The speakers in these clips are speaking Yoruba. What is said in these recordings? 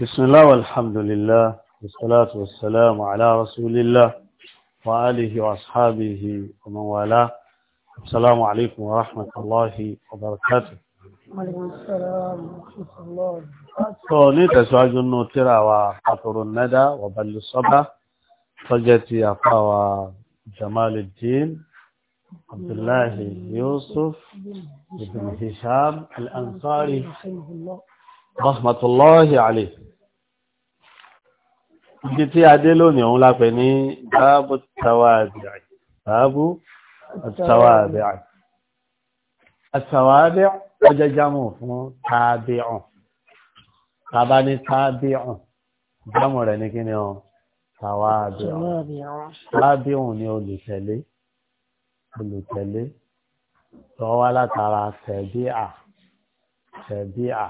بسم الله والحمد لله والصلاة والسلام على رسول الله وآله وأصحابه ومن والاه السلام عليكم ورحمة الله وبركاته وعليكم السلام ورحمة الله وبركاته تسواج النوترة وقطر الندى وبل الصبا فجتي أقوى جمال الدين عبد الله يوسف بن هشام الأنصاري rahmatullahi alayhi ibi tí a dé lónìí òun lápẹ ní báàbù tàwàbíà báàbù tàwàbíà àtàwàbíà ọjọ́ jámù fún tàbíọ̀n tàbá ní tàbíọ̀n jámù rẹ̀ ní kíni ọ tàwàbíọ̀n tàbíọ̀n ni olùtẹ̀lé olùtẹ̀lé tọ́wọ́ látara tẹ̀bíà tẹ̀bíà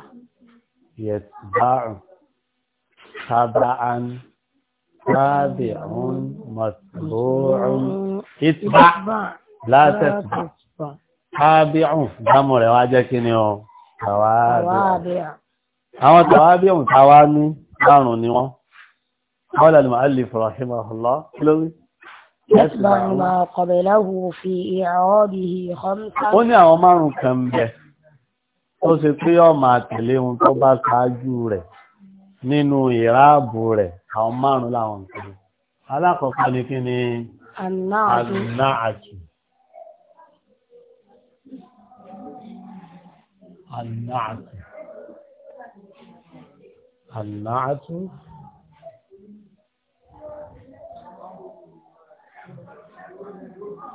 يتبع تبعا تابع متبوع اتبع لا تتبع تابع دمر واجك نيو توابع àwọn tàwábí ọ̀hún tàwá ní márùn ni wọ́n قال المؤلف رحمه الله kílórí يتبع ما قبله في إعرابه خمسة ó ní àwọn márùn kan bẹ̀ẹ́ ó ṣe pé ọmọ àtẹ̀lé ohun tó bá ṣáájú rẹ̀ nínú ìráàbù rẹ̀ àwọn márùn láwọn nǹkan alákọ̀ọ́kọ́ ni kí ni anáàtù anáàtù anáàtù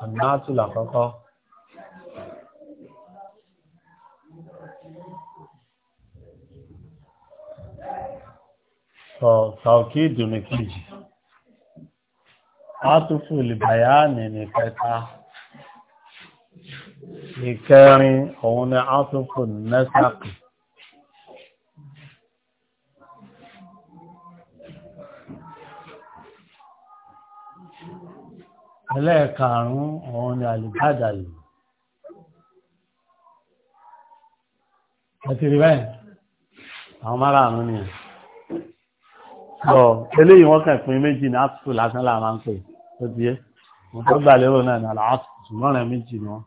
anáàtù làkọ́kọ́. sọ tàókìdù ní kejì átùfù lìbàyánì ní kẹta ìkẹrin òun ni átùfù nẹ́sàkì ẹlẹ́ẹ̀karùn-ún òun ni àlùbádàlù àti rí bẹ́ẹ̀ àwọn márààrún ni ẹ̀ ọ̀ eléyìí wọ́n kàn pín méjì ní asùn lásán là máa ń pè ó ti yé wọ́n tó gbà lérò náà ní àlàásùn ṣùgbọ́n rẹ̀ méjì ni wọ́n.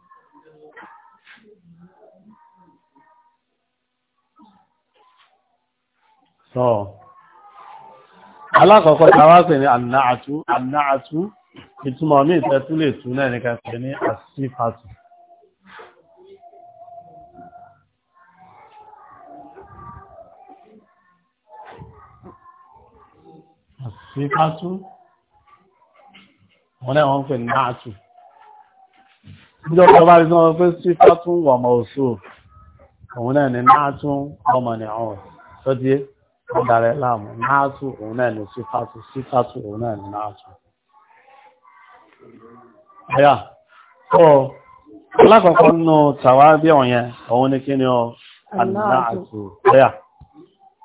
sọ alákọ̀ọ́kọ́ ta wá pè ní ànáàtú ìtumọ̀ míì tẹ́tú lè tú náà ní kẹfẹ́ ní àsífàtù sí pátú wọn náà wọ́n pè ní náàtù níjọba bá rí náà pé sí pátú wà mọ̀ òṣù òun náà ni náàtù ọmọ ní ọ̀hún sọ́díé wọ́n darẹ̀ náàtù òun náà ni sí pátú sí pátú òun náà ni náàtù.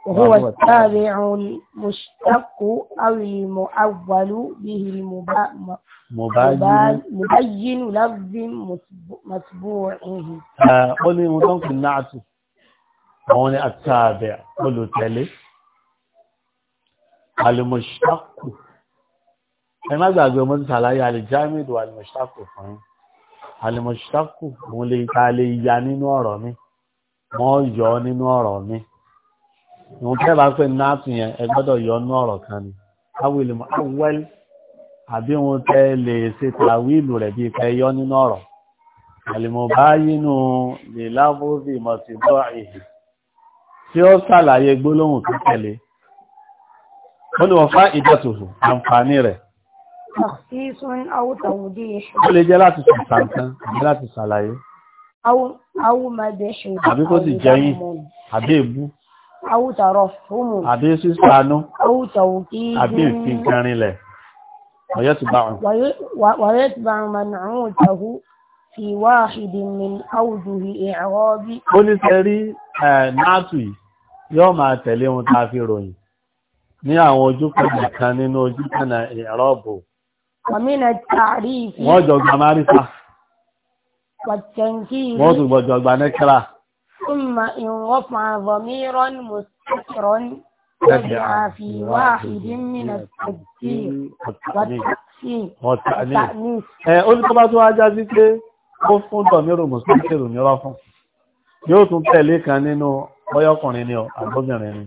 وهو التابع المشتق أو المؤول به مبين لفظ متبوعه قل لي مدنك النعت هون التابع قل تلي المشتق أنا أقول من سلاي الجامد والمشتق فهم المشتق هو اللي تعالي يعني نورمي ما يجوني نورمي ìwọ̀n tẹ́ bá pé náàtù yẹn ẹ gbọ́dọ̀ yọ ọ́nú ọ̀rọ̀ kan ni awìlì mọ́ awẹ́lì àbí wọn tẹ́ lè ṣe tàwíìlù rẹ̀ bíi pé yọ nínú ọ̀rọ̀ àlìmọ̀ bá yínú lè láfóòsì mọ̀tìbọ̀ èyí tí ó ṣàlàyé gbólóhùn tó tẹ̀lé ó ní wọ́n fá ìdọ̀tòfò àǹfààní rẹ̀ ó lè jẹ́ láti sàǹkan àbí láti ṣàlàyé àbí kó sì jẹ́yìn àbí èbú àwùtàrọ̀ fúnmù àbí sísànú àwùtàwù kí àbí ìfìkanrinlẹ̀ wàyẹ́ ti bá wọn. wàyẹ́ ti bá wọn mọ̀nà àwọn òtàwù fi wá ìdìmìn àwùjù ìrọ̀ bí. ó ní sẹ́rí náàtù yìí yóò máa tẹ̀lé ohun tá a fi ròyìn wọ́n jọ gbàmárìsà. wọ́n tún gbọ́dọ̀ gbà nẹ́kẹ́rà. ثم إن رفع ضميرا مستترا تبع في واحد من التكبير والتأنيث والتأنيث ó ní tó bá tó ajá sí pé ó fún dọ̀míru mùsùlùmí mìíràn fún yóò tún tẹ̀lé kan nínú ọyọ́kùnrin ni ọ àgbọ́bìnrin ni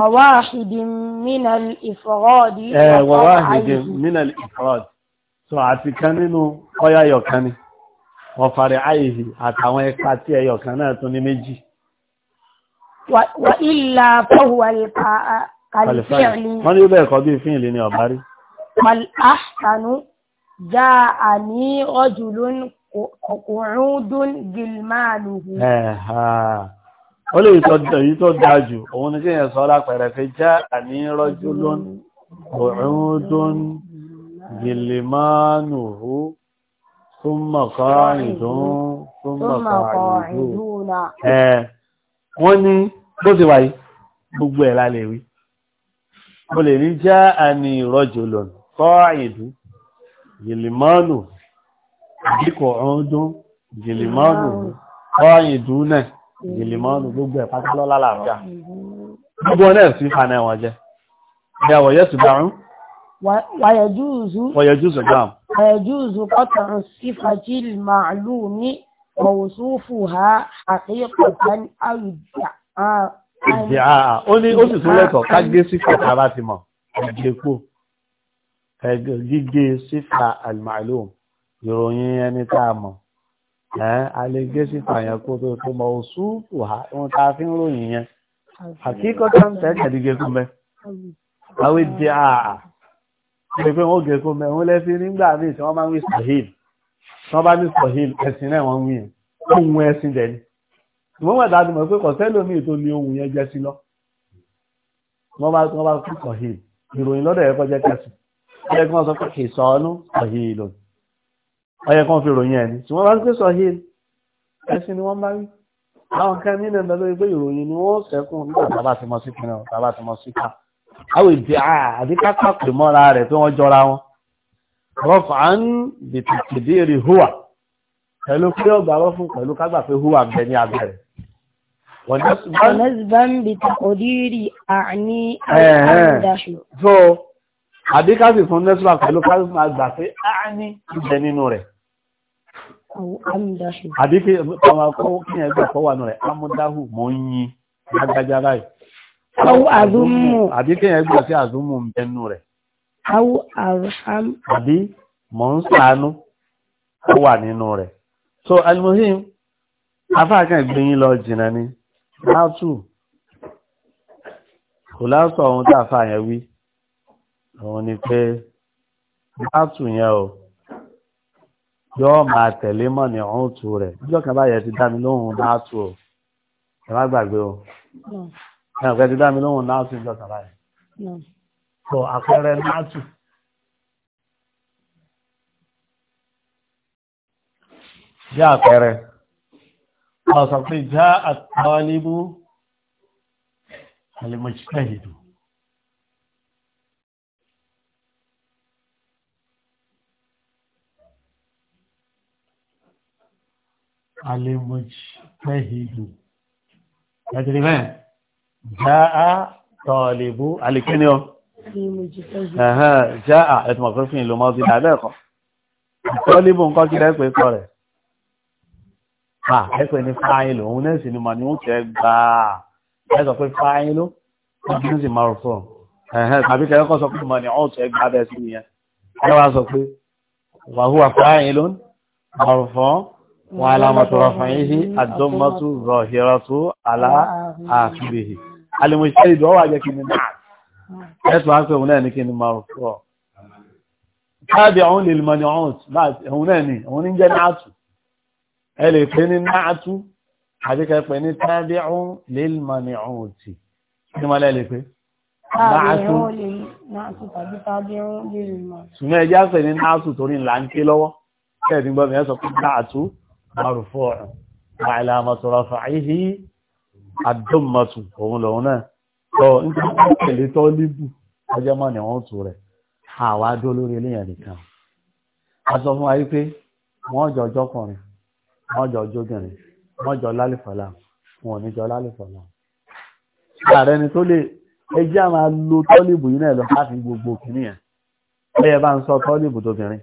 wàwáhìdín mínal ìfọ̀rọ̀dì ẹ̀ wàwáhìdín mínal ìfọ̀rọ̀dì so àti kan nínú ọyáyọ̀ kan ni wọ́n fari àìhì àtàwọn ẹka tí ẹyọ kan náà tún ní méjì. wà ilà fọwọ́ kàlífẹ́ẹ̀lì. wọ́n ní bẹ́ẹ̀ kọ́ bí fíìlì ni ọ̀bá rí. wàlásánú já àní ọjùlún kòkòrúndún gilmáàlùhù. ó lè tọ́jú èyí tó dáa jù òun ni kéèyàn sọ lápẹẹrẹ pé já àní rọ́júlún mm. kòrúndún gilmáàlùhù súnmọ̀ kọ́rìndún súnmọ̀ kọ́rìndún ẹ̀ wọ́n ní bó ti wáyé gbogbo ẹ̀ lálẹ́ wí mo lè ní já àní ìrọ́jò lọ́nà kọ́rìndún gìlìmọ́nù àdíkọ̀ ọdún gìlìmọ́nù kọ́rìndún náà gìlìmọ́nù gbogbo ẹ̀ pátá làbíà gbogbo náà sí fana ẹ̀wọ̀n jẹ́ ẹ̀wọ̀ yẹ́sùn dárún wọ̀yẹ̀júùsù dárún فيجوز قطع الصفة المعلوم موصوفها حقيقة أو ادعاء ìdíà ó ní ó sì tún lẹ́tọ̀ ká gé sífà tàbá ti mọ̀ ìgbèkó gígé sífà al-ma'lum ìròyìn ẹni tá a mọ̀ a lè gé sífà yẹn kó tó tó mọ̀ oṣù wà wọn tá a fi ń ròyìn yẹn àkíkọ́ tá ń tẹ́ tẹ̀lé gé fún bẹ́ àwọn ìdíà pé pé wọ́n gẹ̀ẹ́kọ́ mẹ́rin lẹ́sí nígbà míì tí wọ́n máa ń wí sahil wọ́n bá ní sahil ẹ̀sìn náà wọ́n ń wíyàn ohun ẹ̀sìn dẹ̀ ni wọ́n wà dájú mọ̀ pé kọ̀sẹ́lò míì tó ní ohun yẹn jẹ́ sí lọ wọ́n bá wọ́n bá kú sahil ìròyìn lọ́dọ̀ ẹ̀kọ́ jẹ́ kẹsì ọyẹ kí wọ́n sọ pé ìsọ̀ọ́nú sahil o ọyẹ kí wọ́n fi ròyìn ẹni tí wọ́n bá ń pè sahil ẹ̀sìn ni wọ́n bá rí àwọn kan nínú ẹ̀dọ́ lórí pé ìròyìn ni wọ́n sẹ́kùn nígbà tá a bá ti mọ sí kan àwọn ìdí àbí kápá pè mọ́ra rẹ̀ pé wọ́n jọra wọn rọ́fà ń bìtìtìdí rí húwà pẹ̀lú pé ọgbà rọ́ fún pẹ̀lú kágbà pé húwà bẹ ní abẹ́rẹ̀ wọ́n nẹ́sìbán bìtìtìdí rí àní àdáṣù so àbí káfí fún nẹ́sìbá pẹ̀lú káfí máa gbà pé àní ìbẹ nínú rẹ̀ Awu azumu. Àbí kéèyàn gbà sí azumu ń bẹnu rẹ̀. Awu arham. Àbí mọ̀ ń sànú ó wà nínú rẹ̀. So almuhim, afáàkàn ìgbìyìn lọ jìnà ni, látù, kò lásọ ohun tí àfáà yẹn wí, òun ni pé látù yẹn o, yóò máa tẹ̀lé mọ̀ ní ọ̀hún tù rẹ̀. Ìjọ́ kan báyẹ̀ ti dá mi lóhun látù o, ẹ má gbàgbé o. Hmm ẹ̀fẹ́ ti dá mi lóhùn náàtù ìjọ sàrá ẹ̀ so àpẹẹrẹ náàtù jẹ́ àpẹẹrẹ ọ̀sán pé já àtàwálébú alìmọ̀ṣíkẹ̀hìdù alìmọ̀ṣíkẹ̀hìdù ẹ̀tìrí bẹ́ẹ̀ jáà tọ̀lẹ̀bú alìkíní ọ jáà ẹ̀tùmọ̀ pé fún ìlú mọ́sí dàbẹ́ ẹ̀kọ́ tọ́lẹ̀bú nǹkan kí lẹ́pẹ́ kọ rẹ̀ à ẹ̀pẹ́ ní fáìlì òun náà sì ni mà ní ó tẹ́ gbà á ẹ̀sọ̀ pé fáìlì ọdún sì máa fọ́ tàbí kẹ́kọ́ sọ pé mà ní ó tẹ́ gbà bẹ́ẹ̀ sí nìyẹn ẹ wá sọ pé wàhúwà fáìlì ọ̀rọ̀fọ́ wọn alìmọ̀ṣẹ́ ìdọ̀ wà jẹ́ kí ni náà ẹ̀tù á pé òun náà ní kí ni marufọ́ káàbí àwọn lè mọ̀ ní òun náà ní òun ní jẹ́ náàtù ẹ lè pè ní náàtù àti kẹpẹ ní tábí òun lè mọ̀ ní òun tì ni lọ́wọ́ kẹ́ẹ̀díngbọ́n mi ẹ sọ pé náàtù marufọ́ àìlàmọ̀tọ̀rọ̀ àdọ́mọ̀tù òun lòun náà tọ́ nítorí pẹ̀lú tọ́líbù ọjọ́ mọ́ ni wọ́n tù rẹ̀ àwa dó lórí eléyàn nìkan a fún wa pé wọ́n jọ jọkùnrin wọ́n jọ jóbìnrin wọ́n jọ lálẹ́fọ̀lá wọn ò ní jọ lálẹ́fọ̀lá ààrẹ ni tó lè ẹjẹ́ a máa lo yìí náà lọ láti gbogbo kìíní yẹn ẹyẹ bá ń sọ tọ́líbù tóbìnrin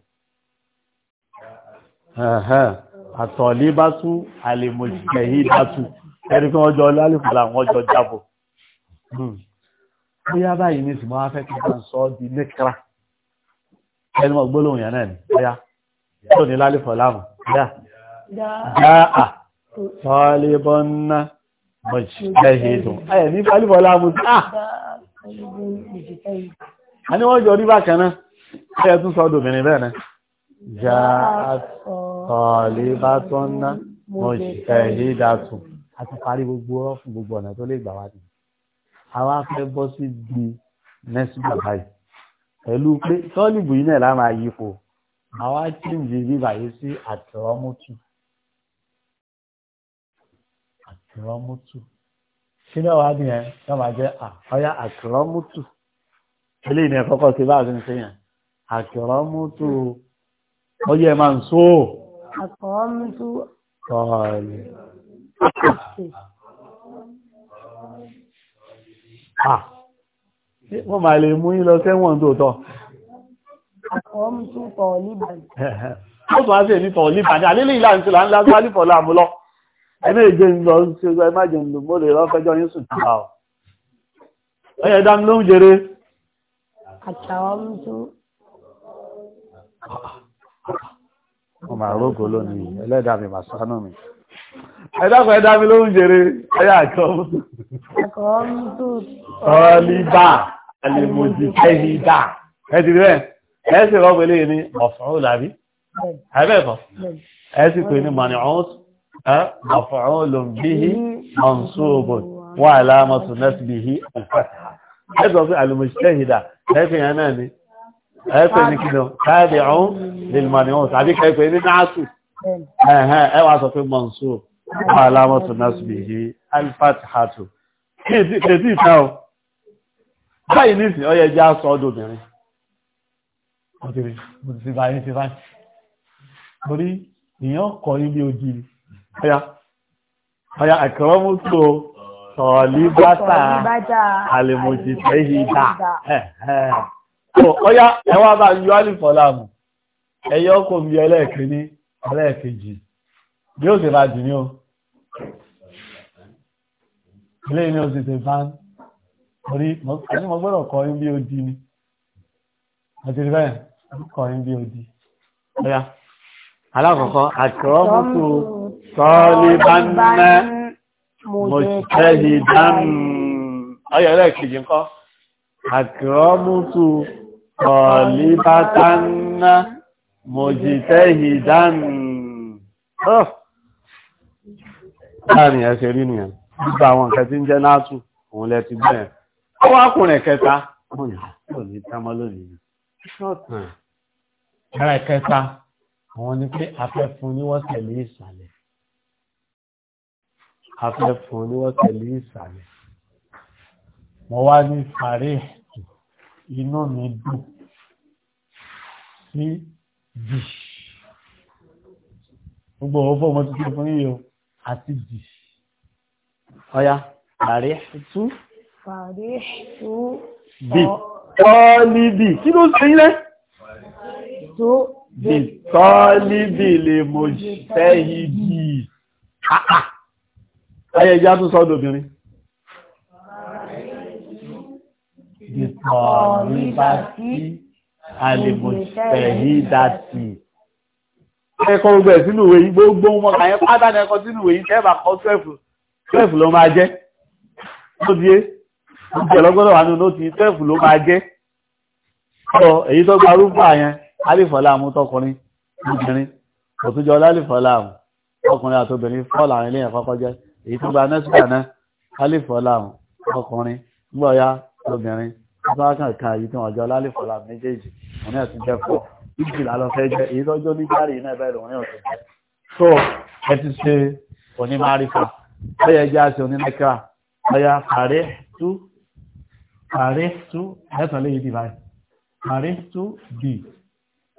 àtọ̀líbátú àlèmọ̀jìkẹ̀hídátú ẹni tí wọ́n jọ lálùkù làwọn jọ jábọ̀ hmm. bóyá báyìí ní ìsìnkú wọn fẹ́ kí wọ́n sọ ọ́ di nìkra ẹni mọ̀ gbólóhùn yẹn náà ni bóyá tó ní lálùkù làwọn yá jáà tọ́lébọ́nà mọ̀jìdẹ́hìdùn ayẹ̀ ní lálùkù làwọn ah a ní wọ́n jọ rí bákan náà ayẹ̀ tún sọ dòmìnir bẹ́ẹ̀ náà jáà tọ́lébọ́nà mọ̀jìdẹ́hìdàtùn a ti parí gbogbo ọ̀rọ̀ fún gbogbo ọ̀nà tó lè gbà wá nìyí àwa fẹ́ bọ́ sí di next bàbá yìí pẹ̀lú pé tọ́lìbù yìí náà lára yìí fò àwa chíǹjì bíbà yìí sí àtìrọ́mútù àtìrọ́mútù kí náà wá nìyẹn náà máa jẹ́ àkọ́yá àtìrọ́mútù eléyìí ni ẹ̀kọ́kọ́ sí bá a fi ń ṣe yẹn àtìrọ́mútù máa ń sóò àtìrọ́mútù tọ́lì. Ah. Ah. wọ́n máa lè mú yín sẹ́wọ̀n tó tọ́ ó tó wálífọ̀ láàmú lọ ẹmí sí ẹgbẹ́ ìmájẹ̀ ń lò mọ́ lè rọ́fẹ́jọ́ yín sùn tàbà ọmọ àrógò ah, lónìí ẹlẹ́dàá mi màsánù mi ẹ̀dàkọ̀ ẹ̀dà mi ló ń jèrè ẹ̀yà àjọ. ọ̀lìbà àlèmòjì ẹ̀hìdà ẹ̀dì rẹ̀ ẹ̀sì rọ́pẹ̀ lè ní ọ̀fọ̀rún làbí ẹ̀bẹ̀fọ̀ ẹ̀sì pè ní maniọ́s ọ̀fọ̀rún lòmbíhì ọ̀nṣóòbò wà aláàmọ̀tò nẹ́sìbìhì ọ̀fẹ́ta ẹ̀sọ̀ pé àlèmòjì ẹ̀hìdà ẹ̀fẹ̀ yẹn náà ni ẹ̀fẹ̀ ní kí ni káàdì ọ̀hún lè maniọ́s àbí kẹ́ẹ̀pẹ̀ ní náà sù ẹ̀hẹ̀ ẹ̀wà sọ pé mọ̀nṣóòbò alamọ́tò násìbìhì alfatihatu kèsì ìta o báyìí ní ìsìn ọyẹ jẹ́ aṣọ ọdún obìnrin ọdún sí báyìí sí báyìí torí èèyàn kọ ilé ojú ọya ọya àkọrọmú tó sọ̀líbátà alìmọ̀jìtẹ́hìdà ọya ẹwà bá ń yọ alìfọ́lámù ẹ̀yọ́ kò mi ẹlẹ́ẹ̀kẹ́ ní ẹlẹ́ẹ̀kejì yóò sì bá jù ní o ilé ní oṣù tẹ̀ bá ń orí àti mo gbọ́dọ̀ kọ́ yín bí odi ni àti rí bẹ́ẹ̀ kọ́ yín bí odi. ọ̀yà alákọ̀ọ́kọ́ àkọ́mùtò sọ́ọ́líbánná mọ̀tẹ́hìdán ọ̀yà ẹlẹ́ẹ̀kejì ńkọ́ àkọ́mùtò sọ́ọ́líbátánná mọ̀tẹ́hìdán. Báwo ni ẹ ṣe rí nìyẹn? gbogbo àwọn nǹkan tí ń jẹ́ náàtù òun lẹ ti bẹ̀rẹ̀ ó wá kùnrin kẹta wọn ni ó ní ah, támọ́ lónìí ṣọ́ọ̀tàn ẹ̀rẹ̀ kẹta àwọn ni pé afẹ́fún ni wọ́n tẹ̀lé ìsàlẹ̀ afẹ́fún ni wọ́n tẹ̀lé ìsàlẹ̀ mo wá ní sàárè inú mi dùn sí jì gbogbo ọ̀fọ̀ mo ti ṣe fún yíyọ àti jì ọ̀yá àríṣtú àríṣtú bí tọ́líbì kí ló ṣe yílẹ̀ bí tọ́líbì lè mọ̀ jẹ́ ìdí ayẹ ìjá tún sọ́dọ̀ obìnrin bí tọ́líbà sí alìmọ̀tẹ̀hídàtì ẹ̀kọ́ gbogbo ẹ̀ sínú ìwé yìí gbogbo wọn kàyẹ pátá ní ẹ̀kọ́ sínú ìwé yìí tẹ́bà kọ́ 12 twelve ló máa jẹ́ ó di é oúnjẹ lọ́gbọ́dọ̀ wà nínú ti twelve ló máa jẹ́ ọ èyí tó gba rúfà yẹn alífọ̀lá àmú tọkùnrin obìnrin òtúnjọ lálífọ̀lá àmú ọkùnrin àtobìnrin fọ́ọ̀lù àwọn eléyàn kọ́kọ́ jẹ́ èyí tó gba nẹ́sìkà náà alífọ̀lá àmú ọkùnrin gbọ́ọ̀yá obìnrin bá kàn ká èyí tí wọ́n jọ lálífọ̀lá méjèèjì wọn náà ti jẹ́ fọ́ ìjìlá lọ jẹ́ èyí tọ́jọ́ ní ọyọ ẹjẹ àti onílẹ́kà ọyọ àárẹ̀ tú àárẹ̀ tú ẹ̀sán léyìí dì báyìí àárẹ̀ tú dì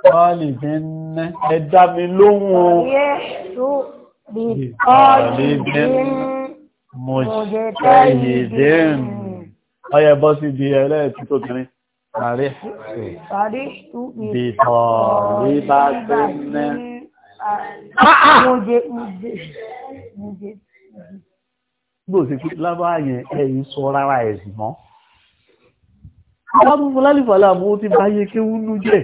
kọ́ọ̀lì bí nnẹ́ ẹ̀dá mi lóhùn o kọ́ọ̀lì bí mo jẹ́ yìí ọyọ bọ́ sí ibi ẹlẹ́ẹ̀tí tó kiri àárẹ̀ tú bí kọ́ọ̀lì bá ti nnẹ́. Ah, ah! Mo jẹ́ bó sì pé lábáà yẹn ẹ̀yìn sọ rárá ẹ̀sìn mọ́ alábùfún lálìfàlà mú ti bá yé kí wúnú jẹ́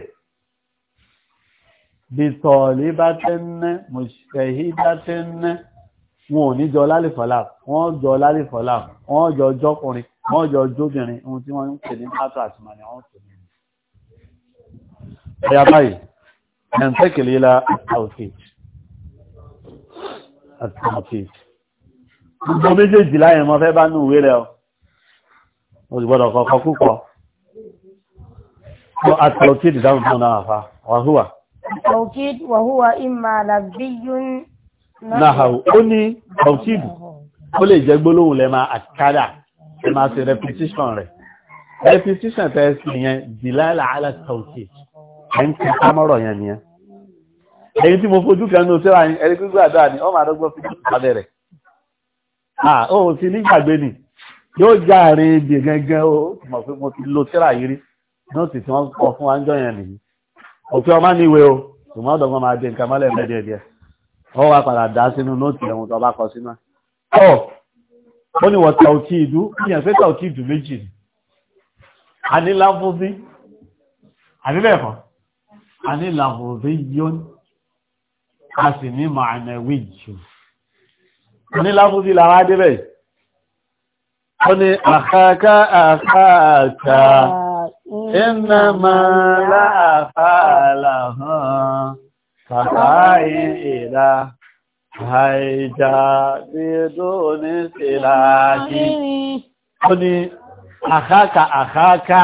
bìtọ̀ lè bá tẹ́ńnẹ́ mọ̀ṣẹ̀hí bá tẹ́ńnẹ́ wọn ò ní jọ lálìfàlà wọ́n jọ lálìfàlà wọ́n jọ jọkùnrin wọ́n jọ jóbìnrin ohun tí wọ́n ń pè ní pátá àtìmọ̀ ni wọ́n pè ní ẹ̀yà báyìí ẹ̀ǹtẹ́kìlélá àtàwọ̀fíì àtàwọ̀fíì gbogbo méjèèjì láyẹ̀ mọ́ fẹ́ bá ní ìwé rẹ̀ o gbọ́dọ̀ kọ̀kọ́ púpọ̀ tó àtàlọ́kìd dáhùn fún náà fa wàhúwà àtàlọ́kìd wàhúwà ìmà làbíyún náà ó ní àtàlọ́kìd ó lè jẹ́ gbólóhùn lẹ́ máa àkádà lẹ́ máa ṣe repetition rẹ̀ repetition tẹ́ sí yẹn dìláìlà àtàlọ́kìd ẹ̀ ń kí sámọ́rọ̀ yẹn nìyẹn èyí tí mo fojú kẹ́nu síra ẹni gbígbà dáa ni ọ máa dọ́gbọ́ fi ah oh, ti nígbàgbé ni yóò já àárín ibi gangan ó mọ̀ pé mo ti lo tíra yìí rí nóòtì tí wọ́n kọ fún wa ń jọyàn nìyí òfin ọmọ níwèé o ṣùgbọ́n ọ̀dọ̀ wọn máa di nǹkan mọ́lẹ̀ mẹ́jẹ díẹ̀ ó wá padà dá sínú nóòtì ẹ̀hún tó bá kọ sínú o ó ní wọ́n ta òkì ìdú ìyẹn fẹ́ ta òkì ìdú méjì ni aníláfúnfí àbíbẹ̀ẹ̀kọ́ aníláfúnfí yóò a sì ní màánà wíjù ní láfúsí làwọn adébẹ̀ ó ní àkàkà àkàkà iná máa láàfààlà hàn kàkàáyí ìdá àìjà bí tó ní síláàkì ó ní àkàkà àkàkà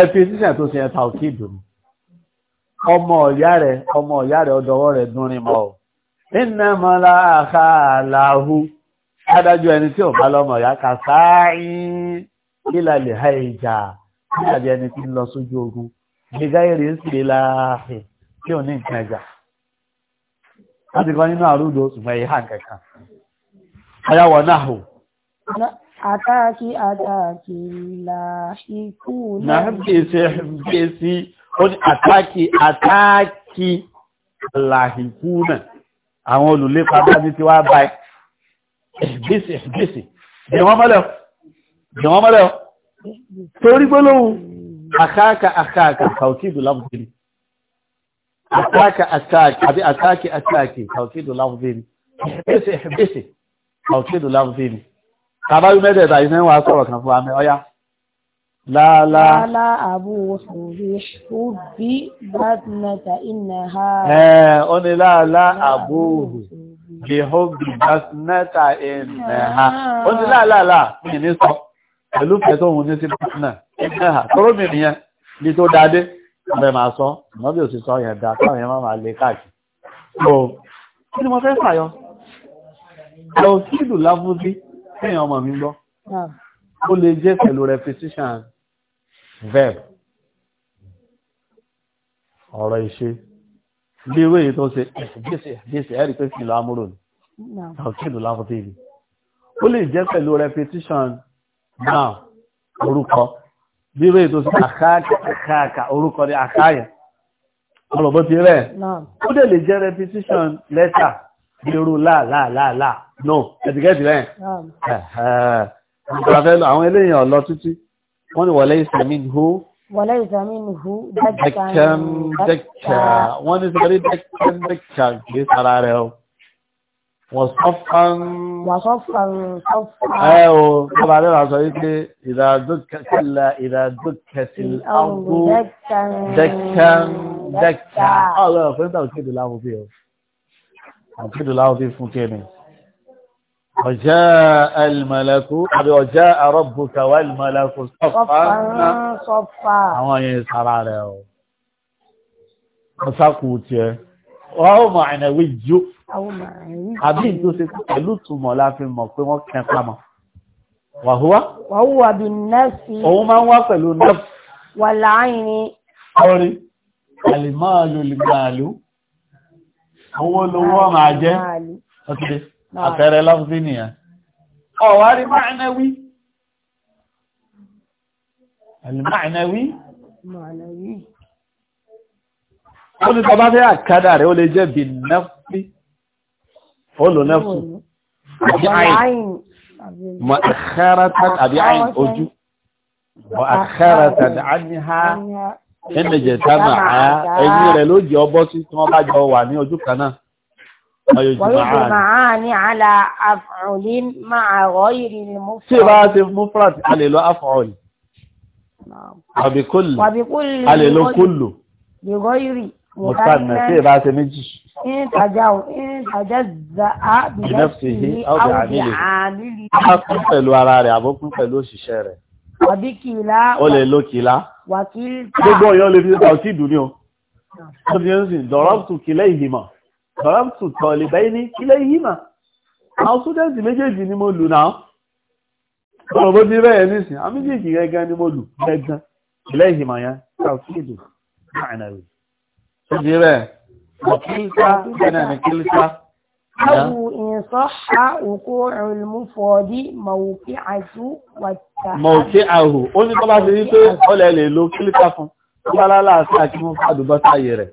ẹ̀fí sísẹ̀ tó ṣe ẹ̀ta òkè ìdùnnú ọmọ ọ̀yá rẹ̀ ọmọ ọ̀yá rẹ̀ ọdọ̀wọ́ rẹ̀ dúnrin mọ́ iná mọ́lá àká àláhù adájọ́ ẹni tí ò bá lọ́mọ ìyá ka sáàyìn ìlàlẹ̀ ha ìjà nígbàjẹ́ ẹni tí ń lọ sójú ogun gbígbá èrè ń sì láàfin tí ò ní nǹkan ẹjà láti kọ́ nínú àrúdò ṣùgbọ́n ẹ̀yà kankan ayáwọ̀ náà hù àtàkì àtàkì làṣíkú náà gbèsè gbèsè ó ní àtàkì àtàkì làṣíkú náà àwọn olùlépa bá ní tí wá bá ẹ gbèsè gbèsè jẹ wọ́n mọ́lẹ̀ jẹ wọ́n mọ́lẹ̀ torí gbólóhùn àkáàkà àkáàkà kàùkìdù láwùjẹ́rì àkáàkà àkáàkì àbí àkáàkì àkáàkì kàùkìdù láwùjẹ́rì gbèsè gbèsè kàùkìdù láwùjẹ́rì tàbáyú mẹ́tẹ̀ẹ̀ta ìsẹ́wọ̀n á sọ̀rọ̀ kan fún amẹ́ ọyá لا لا لا أبو حبي بطنة إنها ها أني لا لا أبوه بحبي بطنة إنها أني لا لا لا من يسوع pẹ̀lú pẹ̀tọ́ òun ní sí pàtínà ẹ̀hà tọ́rọ mi nìyẹn ní tó dáadé ọ̀rẹ́ máa sọ ọ̀nà bí òsìsọ́ yẹn dá káwọn yẹn máa máa lè káàkiri so kí ni mo fẹ́ fàyọ lọ sí ìlú láfúsí fẹ́yàn ọmọ mi gbọ́ ah. ó lè jẹ́ pẹ̀lú repetition verb ọ̀rọ̀ ìṣe bí ewé yìí tó ṣe gbèsè ẹ̀rí pé kìlọ̀ amúrò ni ọ̀kìlù láfọ́tì ó lè jẹ́ pẹ̀lú repetition now orúkọ bí ewé yìí tó ṣe àkáàkà orúkọ ni àkáàyà ọlọ́bọ́ ti rẹ̀ ó dẹ̀ lè jẹ́ repetition letter bí irú láàláàláà no ẹ̀dìgẹ́dì rẹ̀ àwọn eléyìn ọ̀lọ́ títí wọ́n ní wọ̀lẹ́ ìsàmì hù wọ̀lẹ́ ìsàmì hù dẹ́kẹ̀ẹ́dẹ́kẹ̀ wọ́n ní sọ́rí dẹ́kẹ̀ẹ́dẹ́kẹ̀ kìí sára rẹ̀ o wọ̀sọ́fàn wọ̀sọ́fàn sọ́fàn ẹ o bàbá rẹ̀ sọ wípé ìdádókẹ́sílẹ̀ ìdádókẹ́sílẹ̀ ọ̀gbù dẹ́kẹ̀ẹ́dẹ́kẹ̀ ọ̀rọ̀ fẹ́ntà ọjá alìmọ̀lẹ́kú àbí ọjá àrọ́bùkà wà alìmọ̀lẹ́kú sọ́fà àwọn yẹn sára rẹ̀ ọ̀ ọ̀sákù tí ẹ ọ̀hún mọ̀ àìnàwí jù àbí tó ṣe pẹ̀lú túmọ̀ láfi mọ̀ pé wọ́n kẹ́ pamọ́ wàhúwá wàhúwá bí nẹ́ẹ̀sì òun máa ń wá pẹ̀lú nẹ́ẹ̀sì àpẹẹrẹ lọ́fí nìyàn ọ̀wárí máànẹ́wí alìmáànẹ́wí ó ní tọba fẹ́ àkádà rẹ̀ ó lè jẹ́ bí nẹ́fí olùnẹ́fù àbí àìn mọ̀ àkẹ́rẹ́tàn àbí àìn ojú mọ̀ àkẹ́rẹ́tàn àníhá ẹnìjẹ̀ta náà ẹ̀yìn rẹ̀ ló jẹ́ ọbọ́ sí tí wọ́n bá jọ wà ní ojú kan náà ويجمعان على أفعل مع غير المفرد صفات مفرد على لو أفعل وبكل وبكل على لو كل بغير مثنى صفات مجي إن تجاو إن تجزأ بنفسه أو بعمله أكون pẹ̀lú ara rẹ̀ àbókún pẹ̀lú òṣìṣẹ́ rẹ̀ وبكلا ó lè lo kìlá وكلتا gbogbo ọ̀yọ́ lè fi ṣe tàwọn sí ìdúní o ó ti ń sìn dọ̀rọ̀ tù kìlẹ̀ ìhìmọ̀ bọ̀rọ̀mùtù tọ̀lì bẹ́ẹ̀ ní ilé yìí mà àwọn súdẹ́ǹtì méjèèjì ni mo lù náà ọ̀rọ̀ bó ti bẹ́ẹ̀ ní ìsìn àmì jìjì gẹ́gẹ́ ni mo lù gẹ́gẹ́ ilé yìí mà yẹn káàkiri àìnàwì ó ti bẹ́ẹ̀ ọ̀kílísà ẹ̀nà ní kílísà. Awu ìsọ́ha òkú ìrìnmú fọ́ọ̀dí màwùkí àṣù wàtà. Màwùkí àhù, ó ní tọ́lá ti rí pé ọlẹ̀ lè lo kílísà fún, ó bá lálàá sí àkímú fàdúbọ́sáyé rẹ̀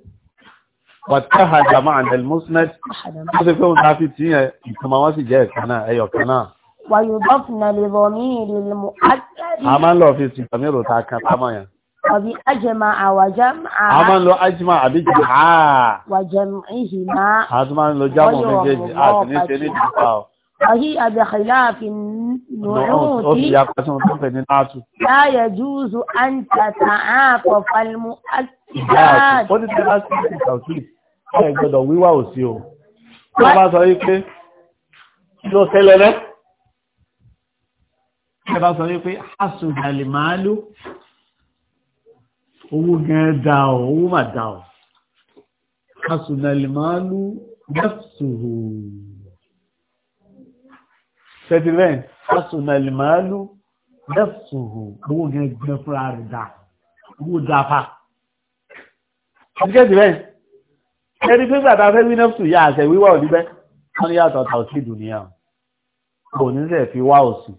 wàtáhà jama àndẹ̀l musnad ó sì fẹ́ òun láti tí yẹn ìtumọ̀ wọ́n sì jẹ́ ẹ̀kanáà ẹyọ kanáà. wàyò bá fúnà lè rọ ní ìrìnlẹ̀ mu ákẹ́rì. a máa ń lọ fi tìtọ̀ ní ìròta kan sámọ̀ yẹn. ọ̀bí ajẹ́mà àwàjá máa. a máa ń lo ajẹ́mà àbí jàmá. wàjẹ́ ìhì máa. a tún máa ń lo jámọ̀ méjèèjì a sì ní ṣe ní ìdíkà o. Àhí àbẹ̀kìlá fi nùrùn tí. Ó fi yapa sí ohun tó fẹ̀ ní láàtú. Láyẹ̀ júùsù àǹtàtà àpọ̀ falmu àti. Ìgbà àti. Ó ní tẹ́lá sí ìtàkùn ẹ gbọ́dọ̀ wíwá òsì o tó bá sọ wípé ló ṣẹlẹ̀ rẹ́ ẹ bá sọ wípé asùdàlì máa ló owó gan dá ọ owó mà dá ọ asùdàlì máa ló nẹ́fùsùrù sẹ́tìlẹ́n owó gan gbẹ rẹ̀ dá owó dáfà. Àbíkẹ́ ìdílẹ́yìn ẹni pé gbàtà fẹ́ wí nẹ́fùsù yá àṣẹ wíwá òní bẹ́ wọ́n ní yàtọ̀ tà òsì dùn níyà kò ní sẹ̀ fi wá òsì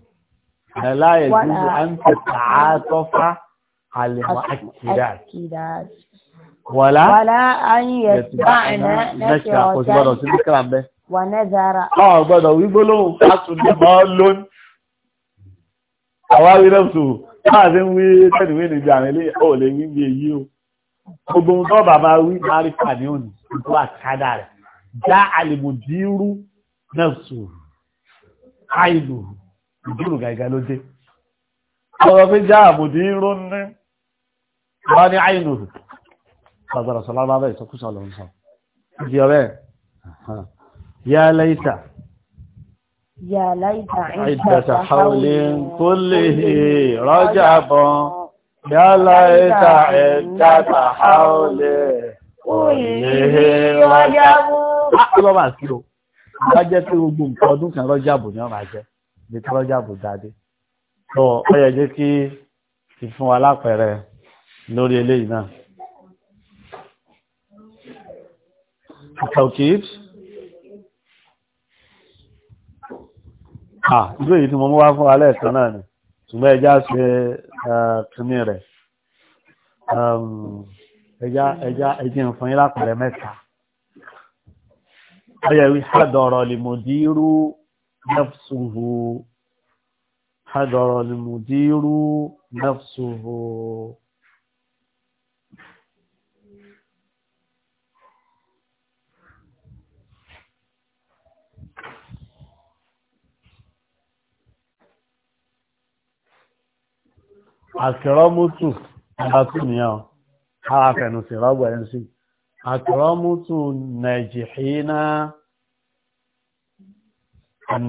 ẹ̀láyẹ̀ jùlọ à ń tẹ̀ tààtọ́fà àlẹ̀mọ́ àkìdá wọ̀lá ayé ẹ̀sìn ọ̀gbọ́dọ̀ sí níkàlà ń bẹ́ ọ̀gbọ́dọ̀ wí gbólóhùn fásùn ní mọ́ lón àwa wí nẹ́fùsù máa ṣe ń wí tẹ́lifíwé nìjà rẹ̀ lé ò lè wí bí èyí o gbogbo ohun tó bàbá wí máa rí kà ní òní tó àkádà rẹ̀ já àlèmùdírú náà sòrò àìlò ìdúrù gàgà ló dé ọ̀rọ̀ pé já àmùdírú ní wọ́n ní àìlò bàbára sọ lára bẹ́ẹ̀ sọkúsọ lọ sọ ìdí ọ̀rẹ́ yá lẹ́yìntà yá lẹ́yìntà ìdàtà haúlé kó lè rọ́jà bọ́n yá lẹ́yìntà ìdàtà haúlé Ọlọ́wà sí ah, o, bá jẹ́ pé gbogbo nǹkan ọdún kan rọ́jàbò ní ọmọ àjẹ́, ní tí rọ́jàbò dáadé. Sọ ọ yẹ jẹ́ kí ti fún wa lápẹẹrẹ lórí eléyìí náà. Àtàkìd. À, ìlú èyí tí mo mú wá fún wa lẹ́ẹ̀kan náà ni, ṣùgbọ́n ẹjá ṣe eh, kìíní rẹ̀. Um, ẹja ẹja ẹjẹ nǹkan yín lápẹẹrẹ mẹ́ta ọyẹ wí hádọrọ lèmọdírú nẹfṣuhu hádọrọ lèmọdírú nẹfṣuhu. àkìrọ́mùtù ọba tún ara fẹ̀nù sí rọ́gbọ̀ ẹ̀ sí àkọrọ́mútù nàìjíríà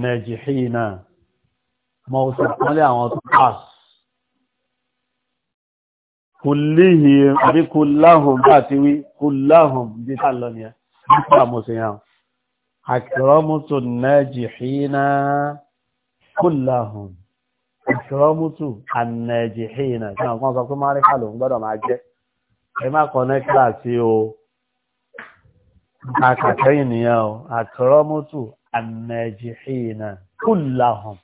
nàìjíríà mọ̀ òsàkọ́lẹ̀ àwọn tó pass kùlíhìm àbí kùláhùn bá ti wí kùláhùn bí sálọ ni ẹ nàìjíríà kùláhùn àkọrọ́mútù nàìjíríà ẹ má kọ́nẹ́kítà sí o akàtẹ́yìn nìyẹn o àtọ́rọ́mọ́tò ànàjìhìnà kúlàhùn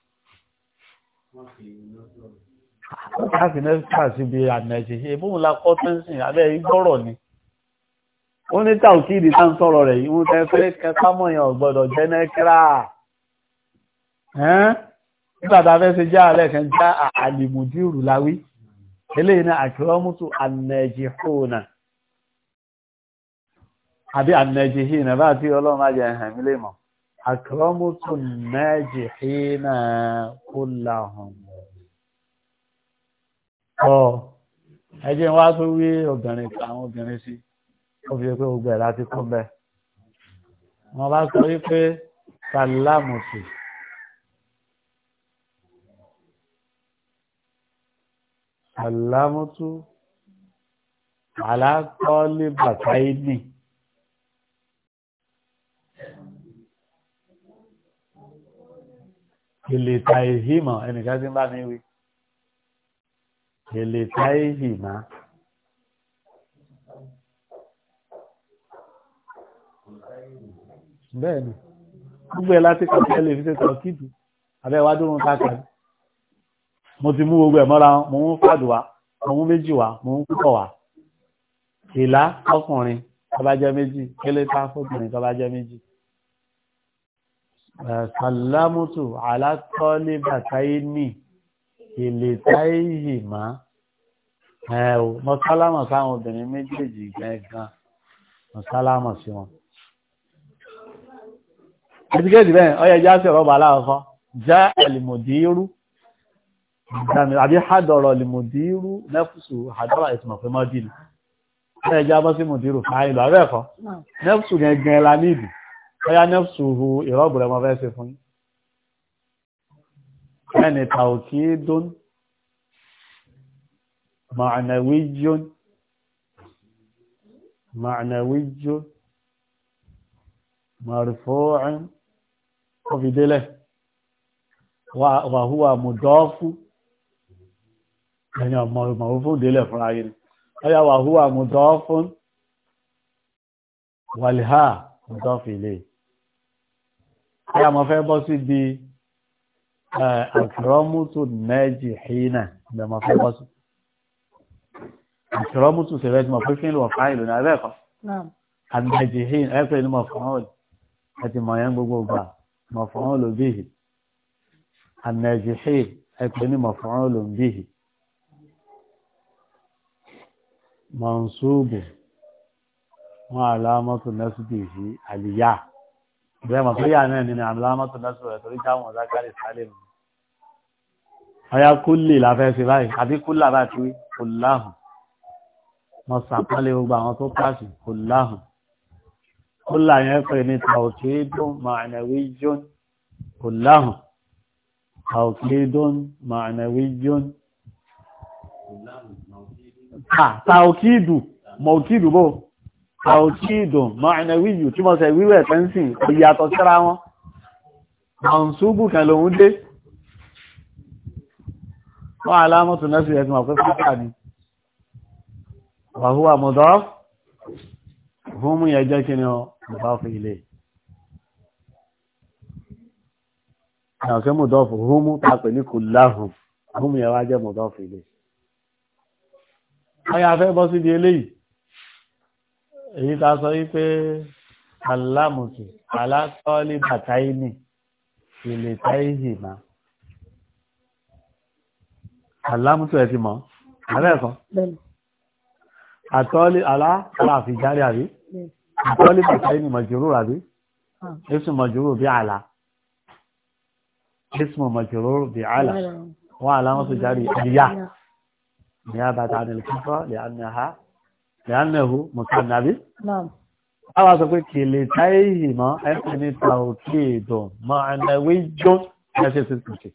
láti nẹ́fíkà síbi ànàjìhìn ìbúhùn la kọ́ tẹ́ǹsìn abẹ́ ìgbọ́rọ̀ ni ó ní tàùkìdì tá ń sọ̀rọ̀ rẹ̀ ìwọ̀n tẹ́ fẹ́ kẹfàmọ́ yẹn ọ̀gbọ́dọ̀ jẹ́ nẹ́kírà nígbà fẹ́ ṣe já alẹ́ já àlìmùdírù láwí eléyìí ní àkírọ́mùtù ànẹ́jìhónà àbí ànẹ́jìhínà bá tí ọlọ́run ajẹ́ ẹ̀hẹ̀ mi lè mọ̀ àkírọ́mùtù nẹ́jìhínà kúláhùn ọ ẹjẹ́ wá tó wí obìnrin àwọn obìnrin sí ó fi pé gbogbo láti kún bẹ́ẹ̀ wọ́n bá sọ wípé sàlámùtù sàlámùtú àlákọ́ọ́lé bàtáìní. Èlèta ìhìmọ̀ ẹnìkan tí ń bá mi wí. Èlèta ìhìmọ̀. Bẹ́ẹ̀ni, gbogbo ẹ̀ láti kàkẹ́ lè fi ṣe tọ̀kìtì, àbẹ́wádùn ta kàdí mo ti mú gbogbo ẹ̀ mọ́ra mo ń fàdù wá mo ń méjì wá mo ń púpọ̀ wá ìlà ọkùnrin tọ́ba jẹ́ méjì kélẹ́tà fóbìnrin tọ́ba jẹ́ méjì sàlámùtù alátọ́lébàtáyé ní ìlètáyé má ẹ̀wò mọ́sálámọ̀ sáwọn obìnrin méjèèjì gẹ́gán mọ́sálámọ̀ sí wọn ẹtíkẹ́ẹ̀tì bẹ́ẹ̀ ọyẹ já sí ọ̀rọ̀ bàálà ọkọ já àlìmọ̀dìírú àbí hádọ̀rọ̀ lè mùdírù nẹ́fùsù hádọ́rà ìtìmọ̀ pé mọ́ dìlù ẹ̀ jábọ́ sí mùdírù fáìlù àbẹ́ ẹ̀kọ́ nẹ́fùsù gẹ̀gẹ̀ la nídì ọya nẹ́fùsù hu ìrọ́bùrẹ̀ mọ́ fẹ́ ṣe fún ẹni tàùkídún ma'anawijun ma'anawijun marfu'un kọfìdélẹ̀ wàhúwà mùdọ́fù ẹni ọmọ ọmọ fún ìdílẹ̀ fúnra yìí ni ọyá wà húwà mùtọ́ fún wàlíhà mùtọ́ fìlè ọyá mo fẹ́ bọ́ sí bí àkìrọ́mùtù méjì hìnà ìgbà mo fẹ́ bọ́ sí àkìrọ́mùtù sẹ̀rẹ̀ tí mo fẹ́ fi ń lọ fáìlì ní abẹ́ kan àmẹ́jì hìn ẹ̀pẹ́ ni mo fọ́n ọ̀ ẹ̀tì mọ̀ yẹn gbogbo gbà mo fọ́n ọ̀ lò bíhì àmẹ́jì mọ̀nsóòbù wọn àlámọ́tò nẹ́sìtì sí àlìyá bẹ́ẹ̀ mọ̀ pé yà náà nínú àlámọ́tò nẹ́sìtì rẹ̀ torí jáwọn ọ̀dákàrí sálẹ̀ mi. ọ̀yá kúlì láfẹ́ ṣe báyìí àbí kúlà bá ti kò láhùn wọn sàpálẹ̀ gbogbo àwọn tó pàṣẹ kò láhùn kúlà yẹn pè ní tàùkìdùn màánàwíjọ́n kò láhùn tàùkìdùn màánàwíjọ́n kò tàòkìdù mọ̀òkìdù bó tàòkìdù mọ̀ẹ̀nẹ̀wíyù tí mọ́ sẹ wíwẹ̀ tẹ́ǹsìn ìyàtọ̀ síra wọn ọ̀nsúgbù kan lòun dé wọ́n alámọ́tò nẹ́sì ẹ̀sùn àpẹ́ fífà ni wàhúwà mọ̀dọ́ fún mú yẹn jẹ́ kí ni ọ̀bá fún ilé àwọn kẹ́ mọ̀dọ́ fún húmú tàpẹ̀ ní kò láhùn húmú yẹn wá jẹ́ mọ̀dọ́ fún ilé wọ́n yà fẹ́ bọ́ síbi eléyìí èyí ta sọ wípé alámùtù alásọ́ọ́lì bàtáìní ìlè táìhì máa alámùtù ẹ̀ ti mọ̀ àrẹ́ẹ̀kọ́ àtọ́ọ́lì aláàfin járe àrí àtọ́ọ́lì bàtáìní mọ̀jòrò àrí èsù mọ̀jòrò bí àlà èsù mọ̀jòrò bí àlà wọ́n alámùtù járe àríyá نيابة عن الكفرة لأنها لأنه مكنب نعم أو أقول كلتيهما أسمي توكيد معنوي نفس التوكيد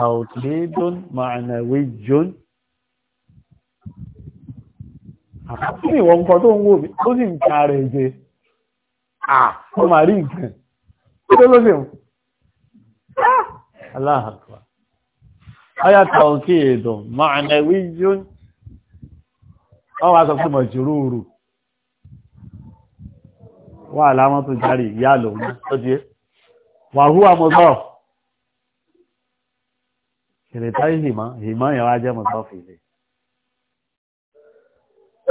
توكيد معنوي àkàtúnì ìwọ̀n nǹkan tó ń wò mí ó sì ń ta rẹ̀ jẹ àà ó máa rí nǹkan tó ló sì ń aláhàkùn ọyá tawkid ma'nawiyyun ọwọ́ aṣọ fún mọ̀júrúurù wà láwọn tó járí ìyá lòun tó díẹ̀ wà húwà mọ́tọ́ kìrìtà ìhìmọ́ ìhìmọ́ yẹn wá jẹ́ mọ́tọ́ fìlẹ̀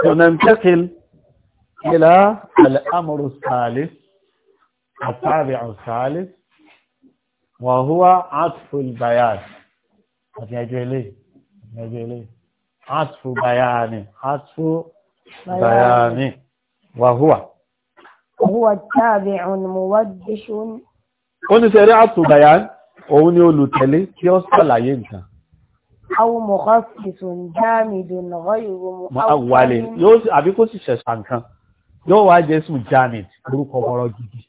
وننتقل إلى الأمر الثالث التابع الثالث وهو عطف البيان àti ẹjọ́ ilé ẹjọ́ ilé hatfu bayani hatfu bayani wàhúwà. wàhúwà tabi'un muwaddishun. ó ní sẹ́rí hatfu bayani òun ni olùtẹ̀lé tí ó sàlàyé nǹkan. Àwọn mọ̀kásìsùn jámìdùn náà yóò mú àwọn wálé. Yóò àbí kó sì ṣẹ̀ṣà nǹkan yóò wá jẹ́ sùn janet orúkọ ọ̀rọ̀ gidi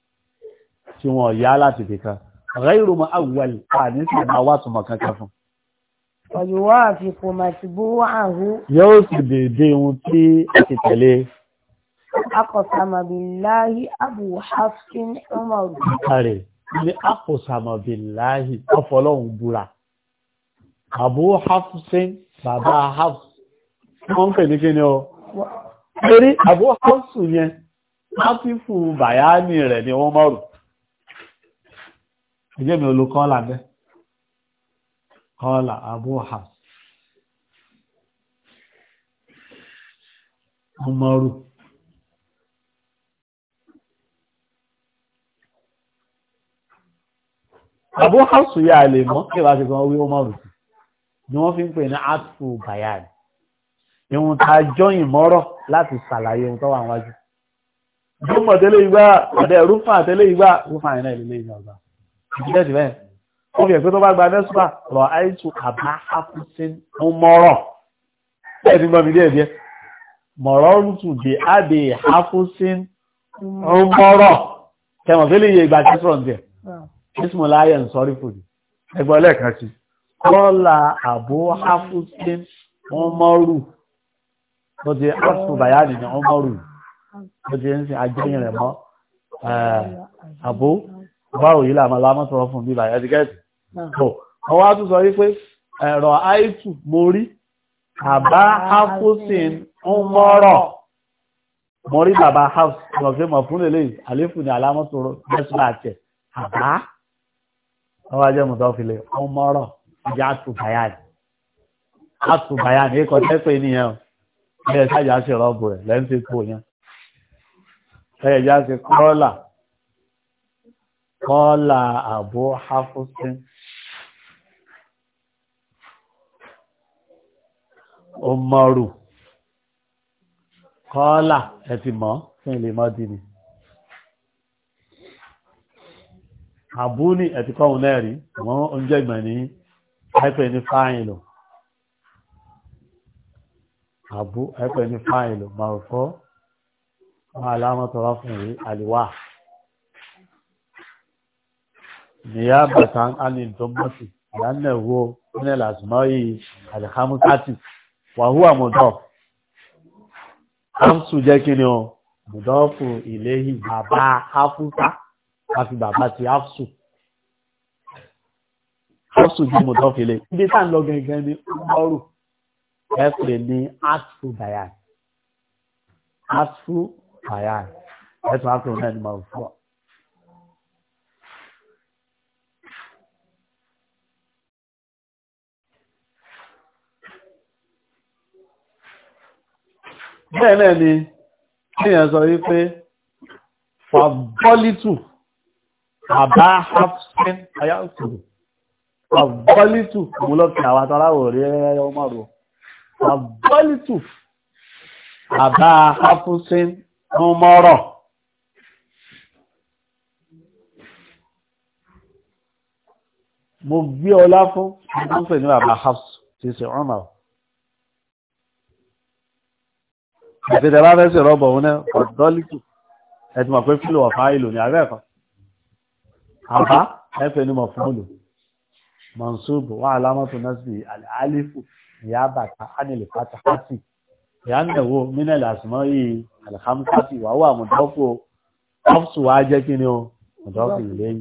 tí wọ́n yá láti fi kan rẹ́rùmọ́ awwal àníṣẹ́ máa wá túnmọ̀ kankan fún ọ̀yọ̀wọ́ àfikún màtìbú àhú. yóò sì dèédé ohun tí a ti tẹ̀lé. akọ̀sàmàbìláhì abu hafsin umar. àkàrẹ̀ ní akọ̀sàmàbìláhì ọ̀fọlọ́hún búra. abu hafsin bàbá hafs. wọ́n ń pè ní kíni o. torí abu hafsun yẹn áfífù bàyáàní rẹ̀ ni wọ́n mọ̀rù. ẹ̀jẹ̀ mi olùkọ́ làbẹ́ kọ́lá abu hafs umaru abu hafs yà lè mọ́ kí wá sí kan wí umaru ni wọ́n fi ń pè ní atfu bayani ìwọ̀n tá a jọyìn mọ́rọ̀ láti ṣàlàyé ohun tó wà wájú gbọ́mọ̀ tẹ́lẹ̀ ìgbà ọ̀dẹ̀ rúfà tẹ́lẹ̀ ìgbà rúfà ìrìnà ìlú ilé ìjọba ìjẹ́ ti bẹ́ẹ̀ wọ́n fi ẹ̀fẹ́ tó bá gba nẹ́sùpà rọ̀ àìsù àbá áfúsín mọ́rọ̀ bẹ́ẹ̀ ni gbọ́mí díẹ̀ díẹ̀ mọ̀rọ̀ rútù dé àbè áfúsín mú mọ́rọ̀ tẹmọ̀ fẹ́lẹ̀ yẹ ìgbà tí sọ̀rọ̀ díẹ̀ ismu láyẹ̀ ń sọrí fòdì ẹgbọ́n lẹ́ẹ̀kan sí kọ́là àbó áfúsín mú mọ́rù tó ti áfún bàyánì ní mú mọ́rù tó ti ń sin ajẹ́yìn rẹ̀ mọ́ àbó báwo yìí làmọ́ lámọ́ sọ̀rọ̀ fún bíbá ẹ̀dígẹ́sì ọwọ́ tún sọ wípé ẹ̀rọ àìtù mórí àbá hafusin ń mọ́rọ̀ mórí bàbá house ọ̀fẹ́ mọ̀ fún lélẹ̀ àléfù ní alámọ́sọ̀rọ̀ mẹ́sùlá àtẹ̀ àbá ọwọ́ ajẹ́ mọ̀tọ́filẹ̀ ń mọ́rọ̀ ìjà àtùbáyàní àtùbáyàní ikọ̀ tẹ́pẹ́ nìyẹn ẹ̀yẹ sájà sí rọ́ọ̀bù rẹ̀ lẹ́ńtì kú yẹn ẹ̀yẹ já sí kọ́ọ̀là àbó hafusin ọmọrù kọ́ọ́là ẹ ti mọ̀ fún ilé mọ́dí ni àbú ní ẹ ti kọ́hùn náà rí àwọn oúnjẹ ìgbà ní ẹ́pẹ̀ ní fáìlò àbú ẹ́pẹ̀ ní fáìlò màrùfọ́ wọn alámọ́tọ́wá fún ìwé àlìwà nìyá bàtán ánì ìdọ́mọ́tì ìyá náà wo nílẹ̀ àtìmọ́ yìí wàhúwà mọ̀dọ́ hamsu jẹ́ kí ni ọ mọ̀dọ́ fún ìléhì bàbá hafusa àfi bàbá ti hafsu hafsu jẹ́ mọ̀dọ́ fìlẹ̀ ibi tá ń lọ gẹ̀gẹ̀ ní ọrù ẹ̀fẹ̀ ní asfu bayan asfu bayan ẹ̀tún asfu náà ni màá bẹ́ẹ̀ náà ni kíyàn sọ wípé fàbọ́lítù bàbá hafsin ayáǹsùrù fàbọ́lítù mú lọ́kì àwọn ataráwò rí ẹyọ márùn fàbọ́lítù bàbá hafsin mọ́rọ̀ mo gbé ọlá fún ọdún pẹ̀lú bàbá hafsin ti ṣe ọmọ ìpètè bá fẹ́ sí rọ́bọ̀ òun náà ọ̀dọ́lìkù ẹ̀tì mọ̀ pé fílò ọ̀fà ìlò ní ààrẹ ẹ̀kọ́ àbá ẹ̀fẹ́ ní mọ̀ fún òlò mọ̀nsúbù wà alámọ́tò nọ́sì àlìfù ìyá bàtà ánìlè pátá pátì ìyá ń dẹ̀wò mínẹ̀lì àsìmọ́ yìí àlìkámsátì wà wà mọ̀dọ́fù ọ́fṣù wà jẹ́ kí ni o mọ̀dọ́fù ìlẹ́yìn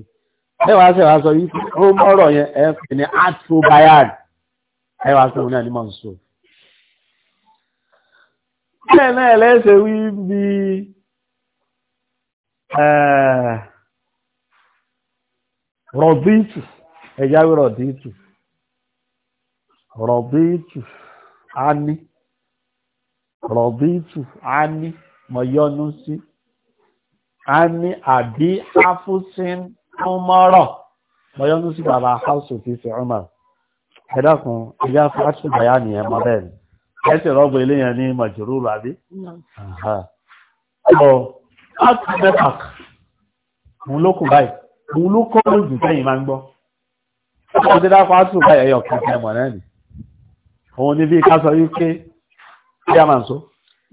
ẹ yẹn ẹ pè bẹ́ẹ̀ náà lẹ́sẹ̀ wí bí rọ̀bìtù ẹ̀yà wí rọ̀bìtù rọ̀bìtù á ní rọ̀bìtù mọ̀yọ́nú sí á àbí áfúsín ọmọrọ̀ mọ̀yọ́nú sí bàbá house of peace, ọmọ ẹ̀dọ́kùn ẹ̀yà fásitì bàyá nìyẹn ẹsẹ̀ rọ́gbọ̀ eléyàn ní màjòrúurú àbí ọ̀ ákàtẹ́ park òun ló kù báyìí òun ló kọ́ lójú tẹ́yìn máa ń gbọ́ ọkọ̀ tí dápá tù báyìí ẹ̀yọ̀ kan tẹ́ mọ̀ náà nì òun ní bí ká sọ wípé kí a máa ń so.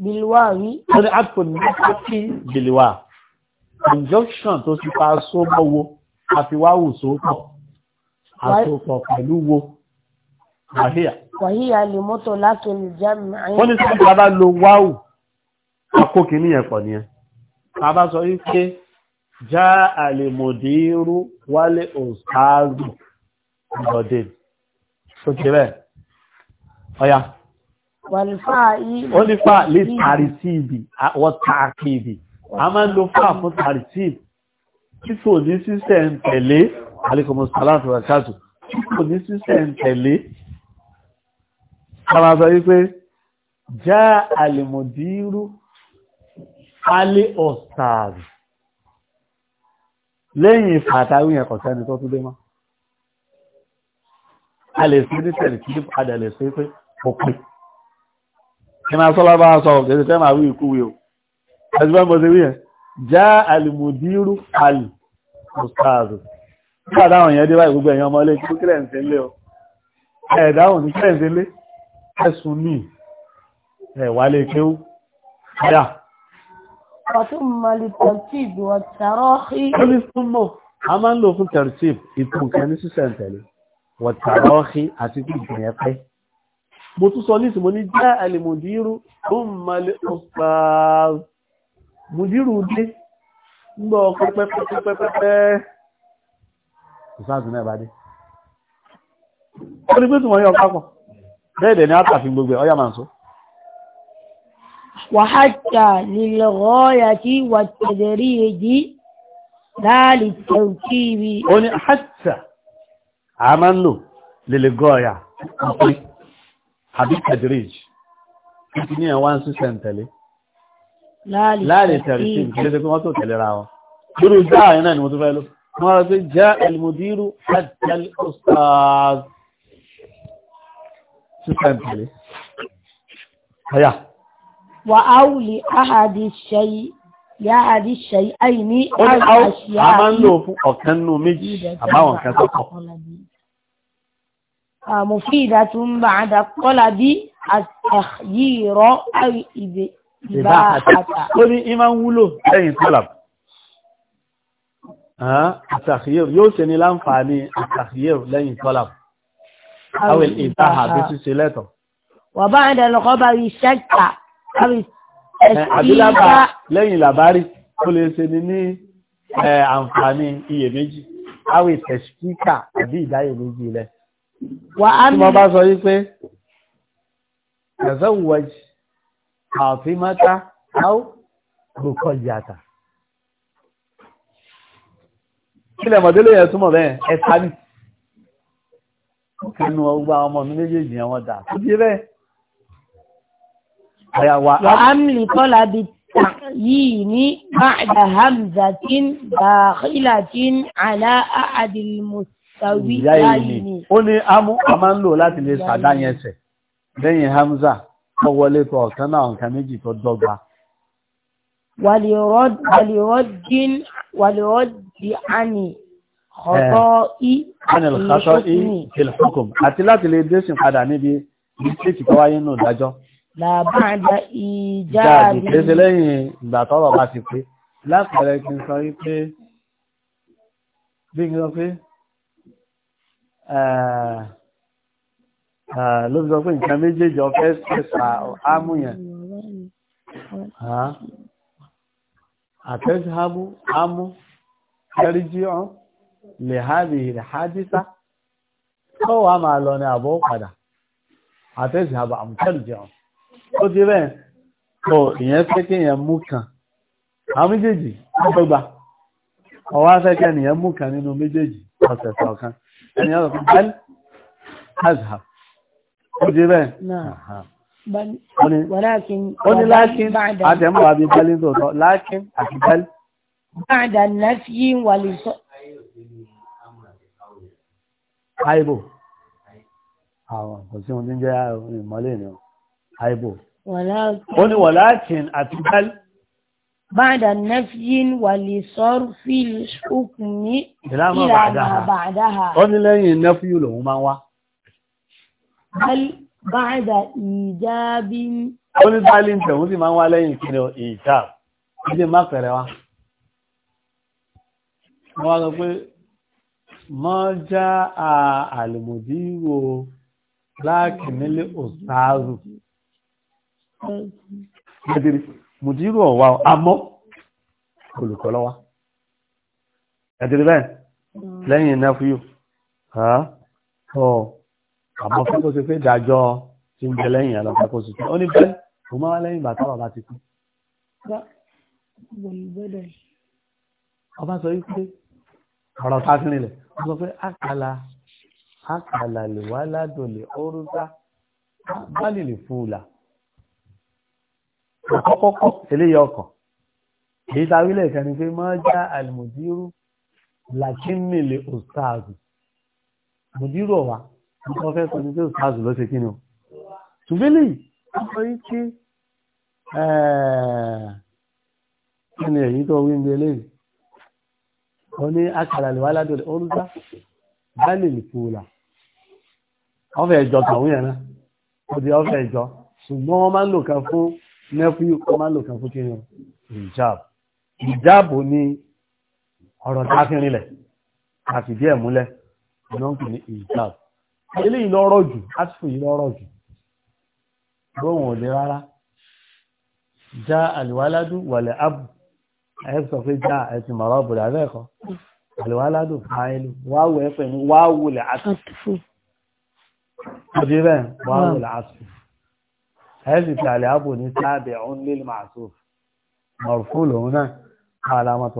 rí. ó ní àpò nípàkì biliwa injunction tó ti pa sóbọ̀ wo àfiwáwù sópọ̀ àsopọ̀ pẹ̀lú wo àhíyà wàyí alimoto lákèlè jami. wọ́n ní sọ́kùn bàbá lo wáwù àkókò níyẹn pọ̀ nìyẹn bàbá sọ wípé já àlèmọ̀dìrú wálé òsáàzù ìbọ̀dé tó ti rẹ̀ ọ̀yá. wọ́n ní fà lè tàrí sí ibi wọ́n tààkì ibi a máa ń lo fà fún tàrí sí ibi tí kò ní sísẹ̀ ń tẹ̀lé alikomosalatu rakatu tí kò ní sísẹ̀ ń tẹ̀lé Bàbá sọ wípé, já àlèmọ̀dírú, alé ọ̀sàrì. Lẹ́yìn ìfàtàwí ẹ̀kọ̀ sẹ́ni tó túnlé mọ́. A lè sí ní tẹ̀lì kí padà lè sí pé òpin. Iná sọ́lá bá sọ òkèsè tẹ́ màá wí ìkúwé o. Ẹjú bá mọ́ sí wí ẹ̀, já àlèmọ̀dírú, alè ọ̀sàrì. Nígbà táwọn èèyàn dé báyìí gbogbo èèyàn ọmọ ilé kí kílẹ̀ ń sí ilé o. Ẹ̀dáhùn ní kílẹ̀ ń sí ilé ẹ̀sùn ní ẹ̀wà lè kéwú ọ̀yà a máa ń lò fún tẹ̀rìtìb ìtùnkẹ́ ní sísẹ̀ntẹ̀lẹ̀ wọ̀tàrọ́ọ̀kí àti kí ìgbìyàn pẹ́ mo tún sọ nísìn mo ní jẹ́ alìmòdírù tó ń malẹ̀ ọ̀pàá-mòdírù dé gbọ́ pẹ́pẹ́pẹ́pẹ́pẹ́ bẹ́ẹ̀dẹ̀ ni àtàfi gbogbo ọya máa ń sọ wàhátà lílọ́ọ̀yà tí wà tẹ̀dẹ̀rí èjì láàrí tẹ̀kìrì ó ní hátà a máa ń lò lílọ́ọ̀yà pín ní ẹ̀wọ́n sí wọ́n rẹ̀ pé já ẹlmùdírù hátà al-ustaz sísá ìpìlẹ̀ ọ̀yà. wà á wùlì áhàdì ṣẹ́yí yá àdì ṣẹ́yí àyì ní àṣìyá a máa ń lò fún ọ̀kan nù méjì àbáwọn kan tó pọ̀. àmùfíìdá tún bá ní ìmá ní láǹfààní lẹ́yìn tọ́lá àwọn ìtaha bí ṣíṣe lẹ́tọ̀. wà bá ń dẹnu kọ́ bá rí ṣẹ́kà àbí àbílábà lẹ́yìn làbárí ó lè ṣe ni ní àǹfààní iyèméjì àwọn ìtẹ̀síkà àbí ìdáyèméjì rẹ̀. wà á mi. tí wọ́n bá sọ yí pé ẹ̀sẹ̀ wọ̀jì àfimọ́ta áwọ̀ rúkọ̀ yàtà. kílẹ̀ mọ̀dé lè yẹ túmọ̀ bẹ́ẹ̀ ẹ̀ta ni kánú ọgbà ọmọ mi méjèèjì àwọn dà tó bí bẹ́ẹ̀ àyàwà àmìlì kọ́lá bí yìí ní báàdà hamza tí ń bàáhílà tí ń àlá àdìlmùsàwí láyé ni ó ní amú a máa ń lò láti lè sàdáyẹsẹ̀ lẹ́yìn hamza tó wọlé tó ọ̀kan náà nǹkan méjì tó dọ́gba wàlìrọ́dì àní ànìlọ́kọ́tọ́ í ìlhukum àti láti lè dẹ́sìn padà níbi mistake tó wáyé nù dájọ́. làbáàdà ìjáàbí kéṣe lẹ́yìn ìgbà tọ́rọ̀ bá ti pé lápẹẹrẹ kí n sọ wípé bí n sọ pé ló sọ pé nǹkan méjèèjì ọ̀fẹ́ ṣẹ̀ṣà ámúyàn àtẹ́sí ámú ámú kẹrí jí ọ́n lè hábì rẹ̀ hádísá tó wà máa lọ ní àbọ̀ padà àtẹ́sì àbà àmúkẹ́lù jẹun ó ti rẹ̀ tó ìyẹn fẹ́ kí èèyàn mú kan àwọn méjèèjì ọgbọgba ọwọ́ fẹ́ kí ènìyàn mú kan nínú méjèèjì ọ̀sẹ̀ kọ̀ọ̀kan ènìyàn lọ́kàn bẹ́ẹ̀ házà ó aibo àwọn kò sí wọn tí ń jẹ́ ìmọ́lẹ̀ ni aibo ó ní walakin àti bal ba'da nafyin wa li sarfi al-hukmi ila ma ba'daha ó ní lẹ́yìn nafyu lòun máa wá bal ba'da ijabin ó ní bálí ń tẹ̀wọ́n sì máa ń wá lẹ́yìn kí ni ìdí má pẹ̀rẹ̀ wá wọ́n wá sọ pé mọ́já àlùmọ̀díwò láàkìnílé òsáàrù gẹ́gẹ́rẹ́ mùdírù ọ̀wà àmọ́ olùkọ́lọ́wà gẹ́gẹ́rẹ́ bẹ́ẹ̀ lẹ́yìn iná fúyò àmọ́ fẹ́ kó ṣe pé ìdájọ́ tí ń bẹ lẹ́yìn ẹ̀lọ́pẹ́ kó ṣe ó ní bẹ́ẹ̀ mo máa lẹ́yìn bàtà bàbá ti kú ọba sọ wípé ọ̀rọ̀ fásínì lẹ̀ wọ́n sọ pé àkàlà àkàlà lè wá ládòlè ọ̀rúsá báàlì lè fúùlà ọ̀kọ́kọ́kọ́ eléyìí ọkọ̀ èyí ta wílẹ̀ kan ni pé máa já àlùmọ̀dírú làkínì lè òstáàzù mọ̀dírú ọ̀wá ní wọ́n fẹ́ sọ ní pé òstáàzù ló ṣe kí ni o ṣùgbẹ́lẹ̀ yìí wọ́n sọ kí ni èyí tó wí ń gbé eléyìí wọ́n ní akàlàlẹ̀ wà ládùn orúgbá báyìí nìkúùlà ọ̀fẹ́ ìjọ tàwọn yẹn náà ó di ọ̀fẹ́ ṣùgbọ́n wọ́n máa ń lò kan fún nẹ́fíù wọ́n máa ń lò kan fún kí ni ìjáàb ìjáàbò ni ọ̀rọ̀ dáfínrinlẹ̀ àti díẹ̀ múlẹ̀ ni wọ́n ní ìjáàb ẹ sọ pé já ẹ̀sìn mọ̀rọ̀ ọ̀bùrẹ̀ abẹ́ẹ̀kọ́ àlùwáládù fáìlù wáwù ẹ pẹ̀lú wáwù lẹ̀ àtúntò ọdí bẹ́ẹ̀ wáwù lẹ̀ àtúntò ẹ̀sìn tí àlẹ́ àbò ní sáàbẹ̀ ọ̀n lílù màtó mọ̀rùfún lòun náà ààlà wọn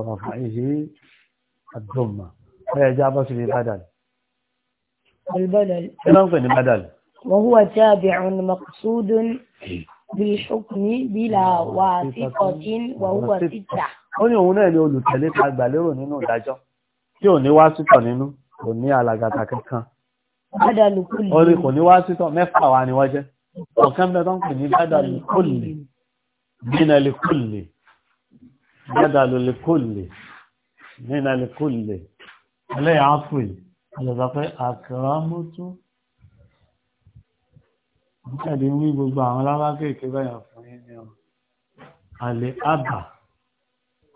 ní ìbàdàn. بالحكم بلا واسطة وهو ستة ó ní òun náà ni olùtẹ̀lé ta gbàlérò nínú ìdájọ́ tí ò ní wá sítọ̀ nínú kò ní alàgàtà kankan orí kò ní wá sítọ̀ mẹ́fà wa ni wọ́n jẹ́ ọ̀kan bẹ́ẹ̀ tó ń pè ní bádàlùkùlì nínàlùkùlì bádàlùkùlì nínàlùkùlì ẹlẹ́yà áfùlì alọ́sọ pé àkàràmọ́tún Ìjáde wí gbogbo àwọn lábákèké báyọ̀ fún yín ni ọ̀rọ̀. Àlè àbà,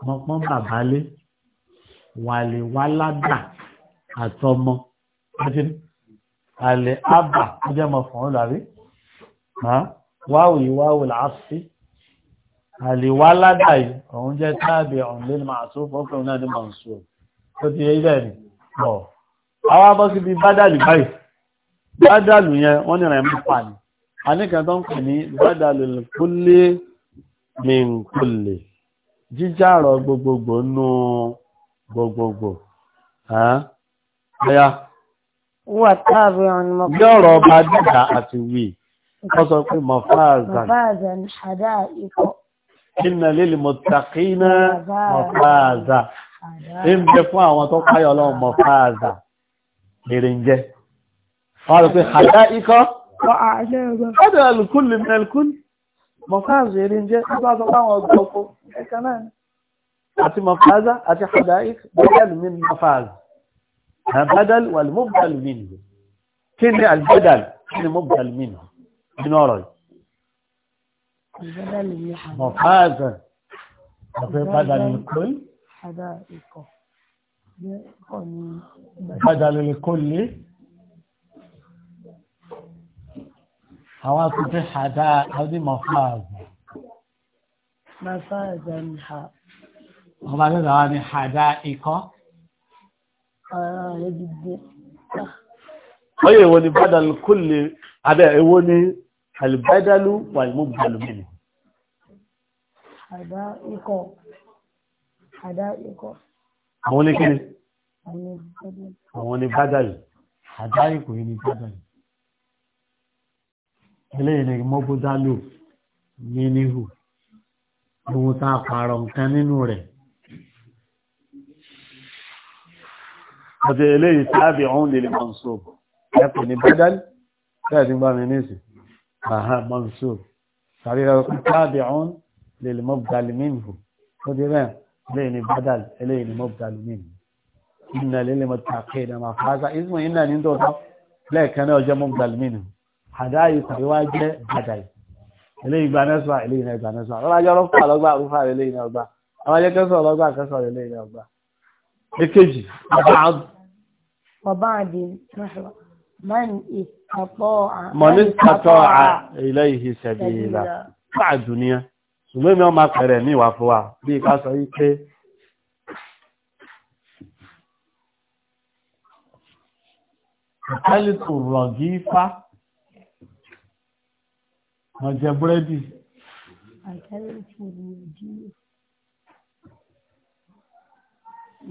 wọ́n pọ́n bàbá lé, wàlè wá ládà àtọmọ. Àlè àbà, ó jẹ́ mọ̀ fún olùdarí. Wáwù yìí wáwù làásì. Àlè wá ládà yìí, òun jẹ́ táàbì ọ̀nlé ni màá tó fọ́kùnrin náà ní màǹsù. Ó ti yẹ ibẹ̀ ni. Àwọn a ní kan tó ń pè ní bádàlùl kulli min kulli jíjàrọ̀ gbogbogbò nú gbogbogbò ọ̀yá wà táàbí ọ̀nà mọ́kànlá bí ọ̀rọ̀ ọba dídà àti wí ọ sọ pé mọ̀fáàzàn àdá ikọ̀ inna lil muttaqina mọ̀fáàzà ń bẹ fún àwọn tó páyọ̀ lọ́wọ́ mọ̀fáàzà lèrè ń jẹ́ wọ́n rẹ̀ pé àdá ikọ̀ هذا الكل من الكل مفازة رنجة بعض الله إيه وضعفه كمان أتي مفازة أتي حدائق بدل من مفاز بدل والمبدل منه كن البدل كن مبدل منه من بدل مفازة بدل الكل حدائق بدل الكل àwọn akutẹ hàdá àbí mọ̀fáàzù. mọ̀fáàzù ni ha. wọ́n bá dẹ́dọ̀ wá ní hàdá ikọ́. ọ̀rọ̀ rẹ̀ dídé. ọyọ èwo ni bádàlú kúlè abẹ́ èwo ni àlùbádàlú wà ní mú balùmínì. hàdá ikọ̀ hàdá ikọ̀. àwọn oníkíni. àwọn oníbádàlú hàdá ikọ̀ yìí ni bádàlú eléyìí ni mọ́búdálò míníhù ohun tá a pààrọ̀ nǹkan nínú rẹ̀. àti eléyìí tábì ọ̀hún lè mọ̀nsóòb ẹ̀pẹ̀ ní bádálì tẹ́ẹ̀tì gbá mi níìsì àhá mọ̀nsóòb tàbí ẹ̀kọ́ tábì ọ̀hún lè mọ́búdálì míníhù ó dé bẹ́ẹ̀ eléyìí ni bádálì eléyìí ni mọ́búdálì míníhù ìnà lè lè mọ́tàkì ìdàmà fàáza ìsmù ìnà ní tòótọ́ lẹ́ẹ̀kan náà jẹ́ mọ́búdálì míníhù àdáyé tàbí wá jẹ́ àdáyé eléyìí gba nẹ́sà eléyìí náà gba nẹ́sà lọ́la jẹ́ ọlọ́fà lọ́gbà rúfà eléyìí náà gbà àwọn ajẹ́ kẹsàn lọ́gbà kẹsàn eléyìí náà gbà. èkejì ọbaàdì mọ́ni ìtàtọ́ à ilé ìhì sẹ̀bí ìlà káà dùnìyà ṣùgbọ́n mi ò máa pẹ̀rẹ̀ ní ìwà fún wa bí ká sọ wọ́n jẹ búrẹ́dì.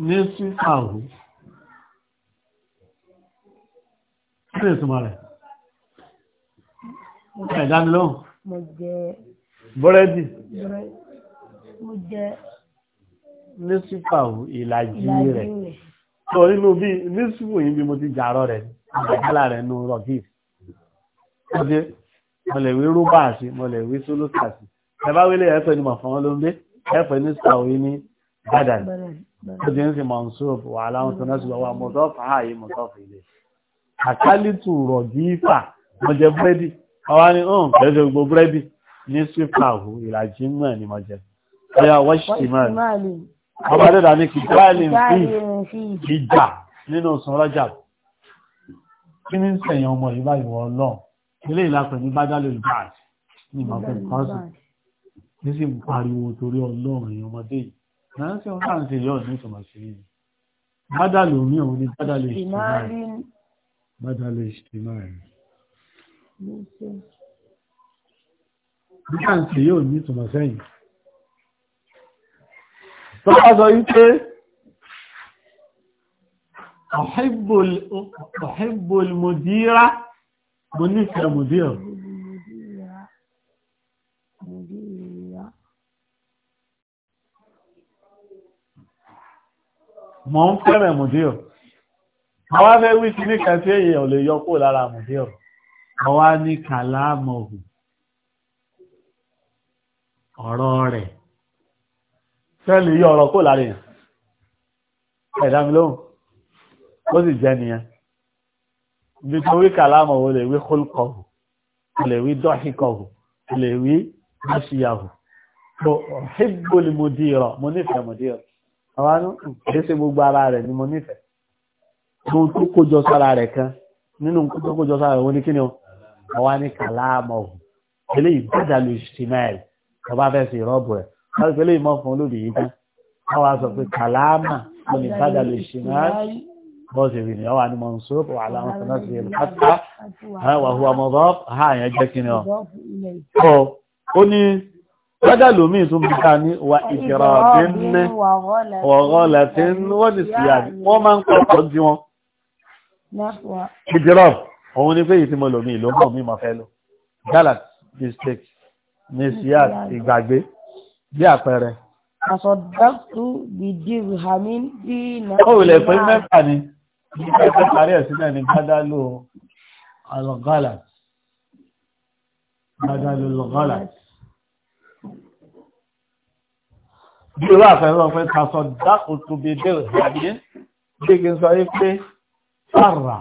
ní sísàwó kí ni ìtumọ̀ rẹ̀ ẹ̀dánilóhùn búrẹ́dì ní sísàwó ìlàjì rẹ̀ sọ nínú bí ní sísàwó yìí bí mo ti jàrọ rẹ̀ àgbàjálà rẹ̀ nù rọ̀gì ọdún mo lè wí rúbà sí mo lè wí sólùkà sí wílé ẹ̀fẹ́ ni mọ̀ fún wọn ló ń gbé ẹ̀fẹ́ ní sàwé ní bàdàn ó ti ń sin mọ̀nsóòf wà láwọn tó náà sì lọ́wọ́ mọ̀tọ́fà ààyè mọ̀tọ́fà ilé àkálítù rọ̀ jífà mo jẹ búrẹ́dì ọwá ní ọ̀hún kẹsẹ̀ gbogbo búrẹ́dì ní sífà hù ìlàjì mọ̀ ni mo jẹ ọyà wọ́ṣì mọ̀ ni ọba dẹ́dà ní kìtàlì fi ìjà nínú sùn rọ́jà kí ní sẹ̀yìn ọmọ ìbá ìwọ̀ ọlọ́run ilé ìlàpẹ̀ ní bádálò ìbáàdì ní ìmọ̀fẹ́ kọ́sù ní sì ń pariwo torí ọlọ́run èèyàn ọmọdé yìí náà sí ọ̀nà àti ìyọ́ ní ìtọ̀mọ̀ sí yìí bádálò mi òun ni bádálò ìṣtìmáì ní àti ìyọ́ ní ìtọ̀mọ̀ sẹ́yìn tó bá sọ mo nífẹ̀ẹ́ mùdíọ̀ mọ̀ ń fẹ́rẹ̀ mùdíọ̀ àwọn afẹ́ wí kí ní kàtí èyẹ ò lè yọkó lára mùdíọ̀ ọwá ní kàlámọ̀hù ọ̀rọ̀ rẹ̀ fẹ́lì yọ ọ̀rọ̀ kó lára ẹ̀dá mi lóhùn ó sì jẹ́ nìyẹn bíkan wí kàlámọ̀ o lè wí kólkọ̀hù o lè wí dọ́híkọ̀hù o lè wí mọ́ṣíyàhù tó ṣígbòlì mo di ìrọ̀ mo nífẹ̀ẹ́ mo di ìrọ̀ àwọn ìgbésẹ̀ gbogbo ara rẹ̀ ni mo nífẹ̀ẹ́ tó tó kójọ sára rẹ̀ kan nínú tó kójọ sára rẹ̀ wọ́n ní kí ni o àwọn ní kàlámọ̀ o eléyìí bàdàlù bọ́ọ̀sì rí ni ọwà ní mansub wà láwọn náà sí ìlúkátà wà hùwà mudaf ha yẹn jẹ́ kí ni ọ. ọ ó ní lọ́dà lómi tún bí ká ní wà ìṣẹ̀rọ̀ tí ń ní wọ̀rọ̀lẹ̀ tí ń wọ́n ní sí àbí wọ́n máa ń kọ́ ọ̀pọ̀ sí wọn. ìṣẹ̀rọ̀ òun ni pé ìtìmọ̀ lómi ìlú mọ̀ mí mọ̀ fẹ́ lò galat district ní siad ìgbàgbé bí àpẹẹrẹ. àsọdọ́tù bìdí rìhámín bí nàìjíríà. ó wùlẹ̀ pé mẹ́fà ni ní ẹgbẹ́ parí ẹ̀sìn náà ni gbádálò alọ́gálà gbádálò lọ́gálà bí irú àfẹ́rọ́ pé tasọ dákòtò bèbè ìgbàgbé gbégi sọ wípé fàrà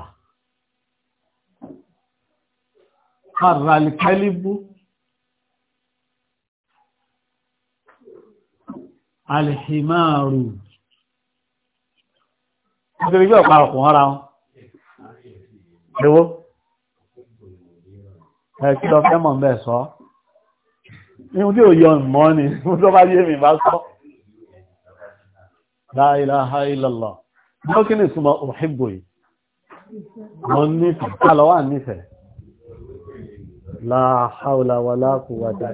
fàrà alìkẹ́líbú alìhìmáàrù nítorí bí ọ̀pá ọkùn ọ́ra wọn lówó ẹ̀kí lọ fẹ́ mọ̀ ń bẹ̀ sọ ní ojú òye ọ̀mọ́ ni mú tó bá yé mi bá sọ la ilaha illallah ní ìsúnmọ̀ òhìbò yìí wọ́n nífẹ̀ẹ́ kálọ́wà nífẹ̀ẹ́ la hawla wala quwwata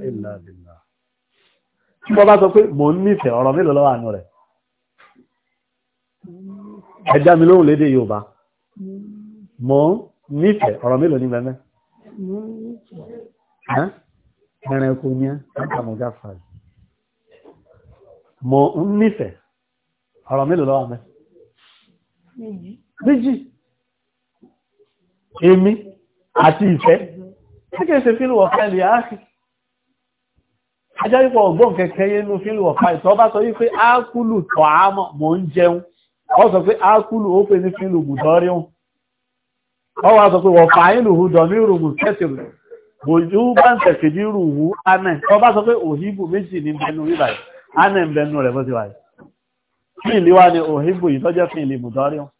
Tí wọ́n bá sọ pé mò nífẹ̀ẹ́ ọ̀rọ̀ mélòó lọ́wọ́ àánú rẹ̀ ẹ̀dá mi lóhùn lédè Yorùbá mm. mo nífẹ̀ẹ́ ọ̀rọ̀ mélòó ní bẹ́ẹ̀ ẹ̀rẹ̀ ní àkàmọ̀gá fàájì mo nífẹ̀ẹ́ ọ̀rọ̀ mélòó lọ́wọ́ mẹ́ méjì èmi àti ìfẹ́ tí kìí ṣe fílù ọ̀fẹ́ lè áàkì ajárípọ̀ ọ̀gbọ́n kẹkẹyẹ inú fílù ọ̀fà ìtọ́ bá sọ wípé áàkùlù tọ̀ àmọ́ mò ń jẹun ọ sọ pé ákùlù ó pè ní fílù gùdọ́ríhùn ọ wá sọ pé wọ́n fàáyín lùhù dọ̀mírùgùn kẹsìrù bòjú bá ń tẹ̀sì ní rùhù anẹ̀ ọ bá sọ pé òhìbù méjì ní bẹnu rí báyìí anẹ̀ ń bẹnu rẹ̀ bó ti wáyìí fún ìlíwá ni òhìbù yìí tọ́jọ́ fún ìlì gùdọ́ríhùn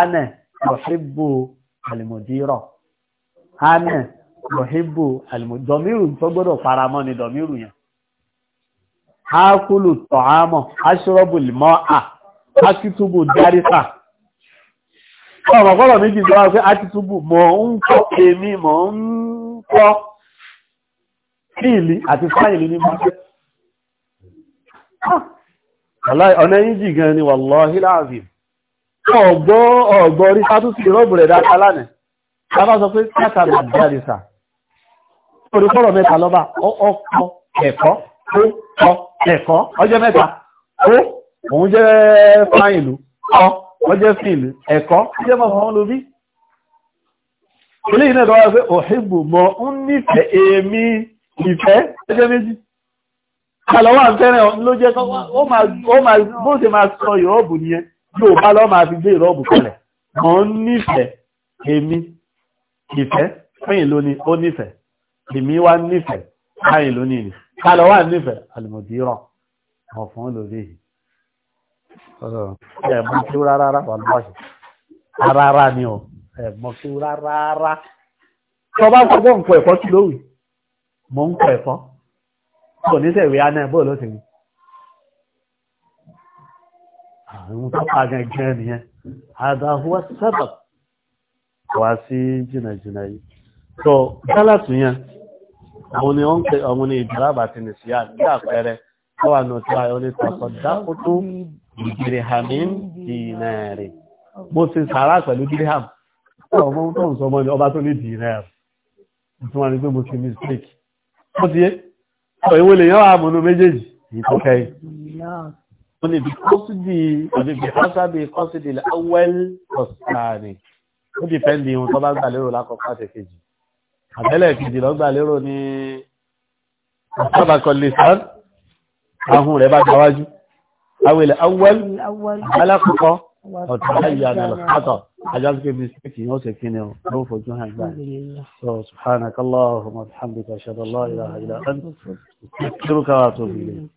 anẹ̀ òhìbù àlìmọ̀dírọ̀ anẹ̀ òhìbù àlìmọ̀dírọ̀ tó gbọ́dọ̀ faramọ́ ni dọ̀mírù yẹn ákùlù tọ̀hámọ̀ aṣọ́rọ̀bù lìmọ́ à akitubu dáríta ọmọ ọ̀pọ̀lọ̀ méjì tó wá pé akitubu mọ̀ ń kọ́ èmi mọ̀ ń kọ́ fíìlì àti fáìlì ní mọ́sẹ́ ah! ọ̀nà yíjì gan ni wàlọ́hí láàrin ọ̀gbọ́ ọ̀gbọ́ rí sátúsì rọ́bù rẹ̀ dáta lánàá lábá sọ pé kátàlá dáríta orípọ̀rọ̀ mẹ́ta lọ́bà ọkọ̀ ẹ̀kọ́ ó kọ ẹ̀kọ́ ọjọ́ mẹ́ta ó òun jẹ́ fáyìn ìlú ọ́ wọ́n jẹ́ sí ìlú ẹ̀kọ́ jẹ́ mọ̀ fún olóbí ilé ìnà ìdọ́wà pé òhìbò mọ̀ ń nífẹ̀ èmi ìfẹ́ ẹjẹ́ méjì kàlọ́wà fẹ́rẹ̀ ló jẹ́ bóòdé máa sọ ìrọ́bù nìyẹn yóò bá lọ́ máa fi gbé ìrọ́bù kalẹ̀ mọ̀ ń nífẹ̀ èmi ìfẹ́ fẹ́yìn lóní ó nífẹ̀ èmi wá nífẹ̀ fáyìn lóní ni kàlọ́wà nífẹ̀ àlùmọ̀díràn ọ̀fún lórí yìí ẹ̀mọ́ kí rárá rárá wàlúwàṣì rárá ni ọ ẹ̀mọ́ kí rárá rárá tó bá gbogbo nǹkan ẹ̀kọ́ kí lówì mọ̀ ń kọ ẹ̀kọ́ kò ní sẹ̀wé aná ẹ̀bọ́ ló ti rí àwọn tó pa gẹ́gẹ́ nìyẹn àdáhùwà sábà wá sí jìnnàjìnnà yìí tó dálàtù yẹn àwọn ni wọ́n ń pè ọmọ ní ìdílábà tí nìṣíyà ní àpẹẹrẹ tó wà nù tí a ní tọkọ dákútú dìrìhàmín dìnàrì mo ṣe sàárà pẹ̀lú dìrìhàm ọmọ tó ń sọmọ ní ọba tó ní dìnàrì tí wọ́n ni pé mo ṣe mistake mo ti yé ọ̀ ìwé lè yán àmúnú méjèèjì ìtọ́kẹ́ mo ní bí kọ́sídì àti bí hásábì kọ́sídì awẹ́l kọ̀sìtàní ó di pẹ́ndì ohun tó bá gbà lérò lákọ̀ọ́kọ́ àti kejì àtẹ́lẹ̀ kejì lọ́gbà lérò ní sábàkọ̀ lè sán ahun rẹ̀ bá gbáwájú awele awel alakọkọ ọtọ ayé alakọkọ ajásíkè mistake yóò ṣe kí ni ó ló fojú hàn gbà so subhanakallahumma wa bihamdika ashhadu an la ilaha illa anta astaghfiruka wa atubu ilayk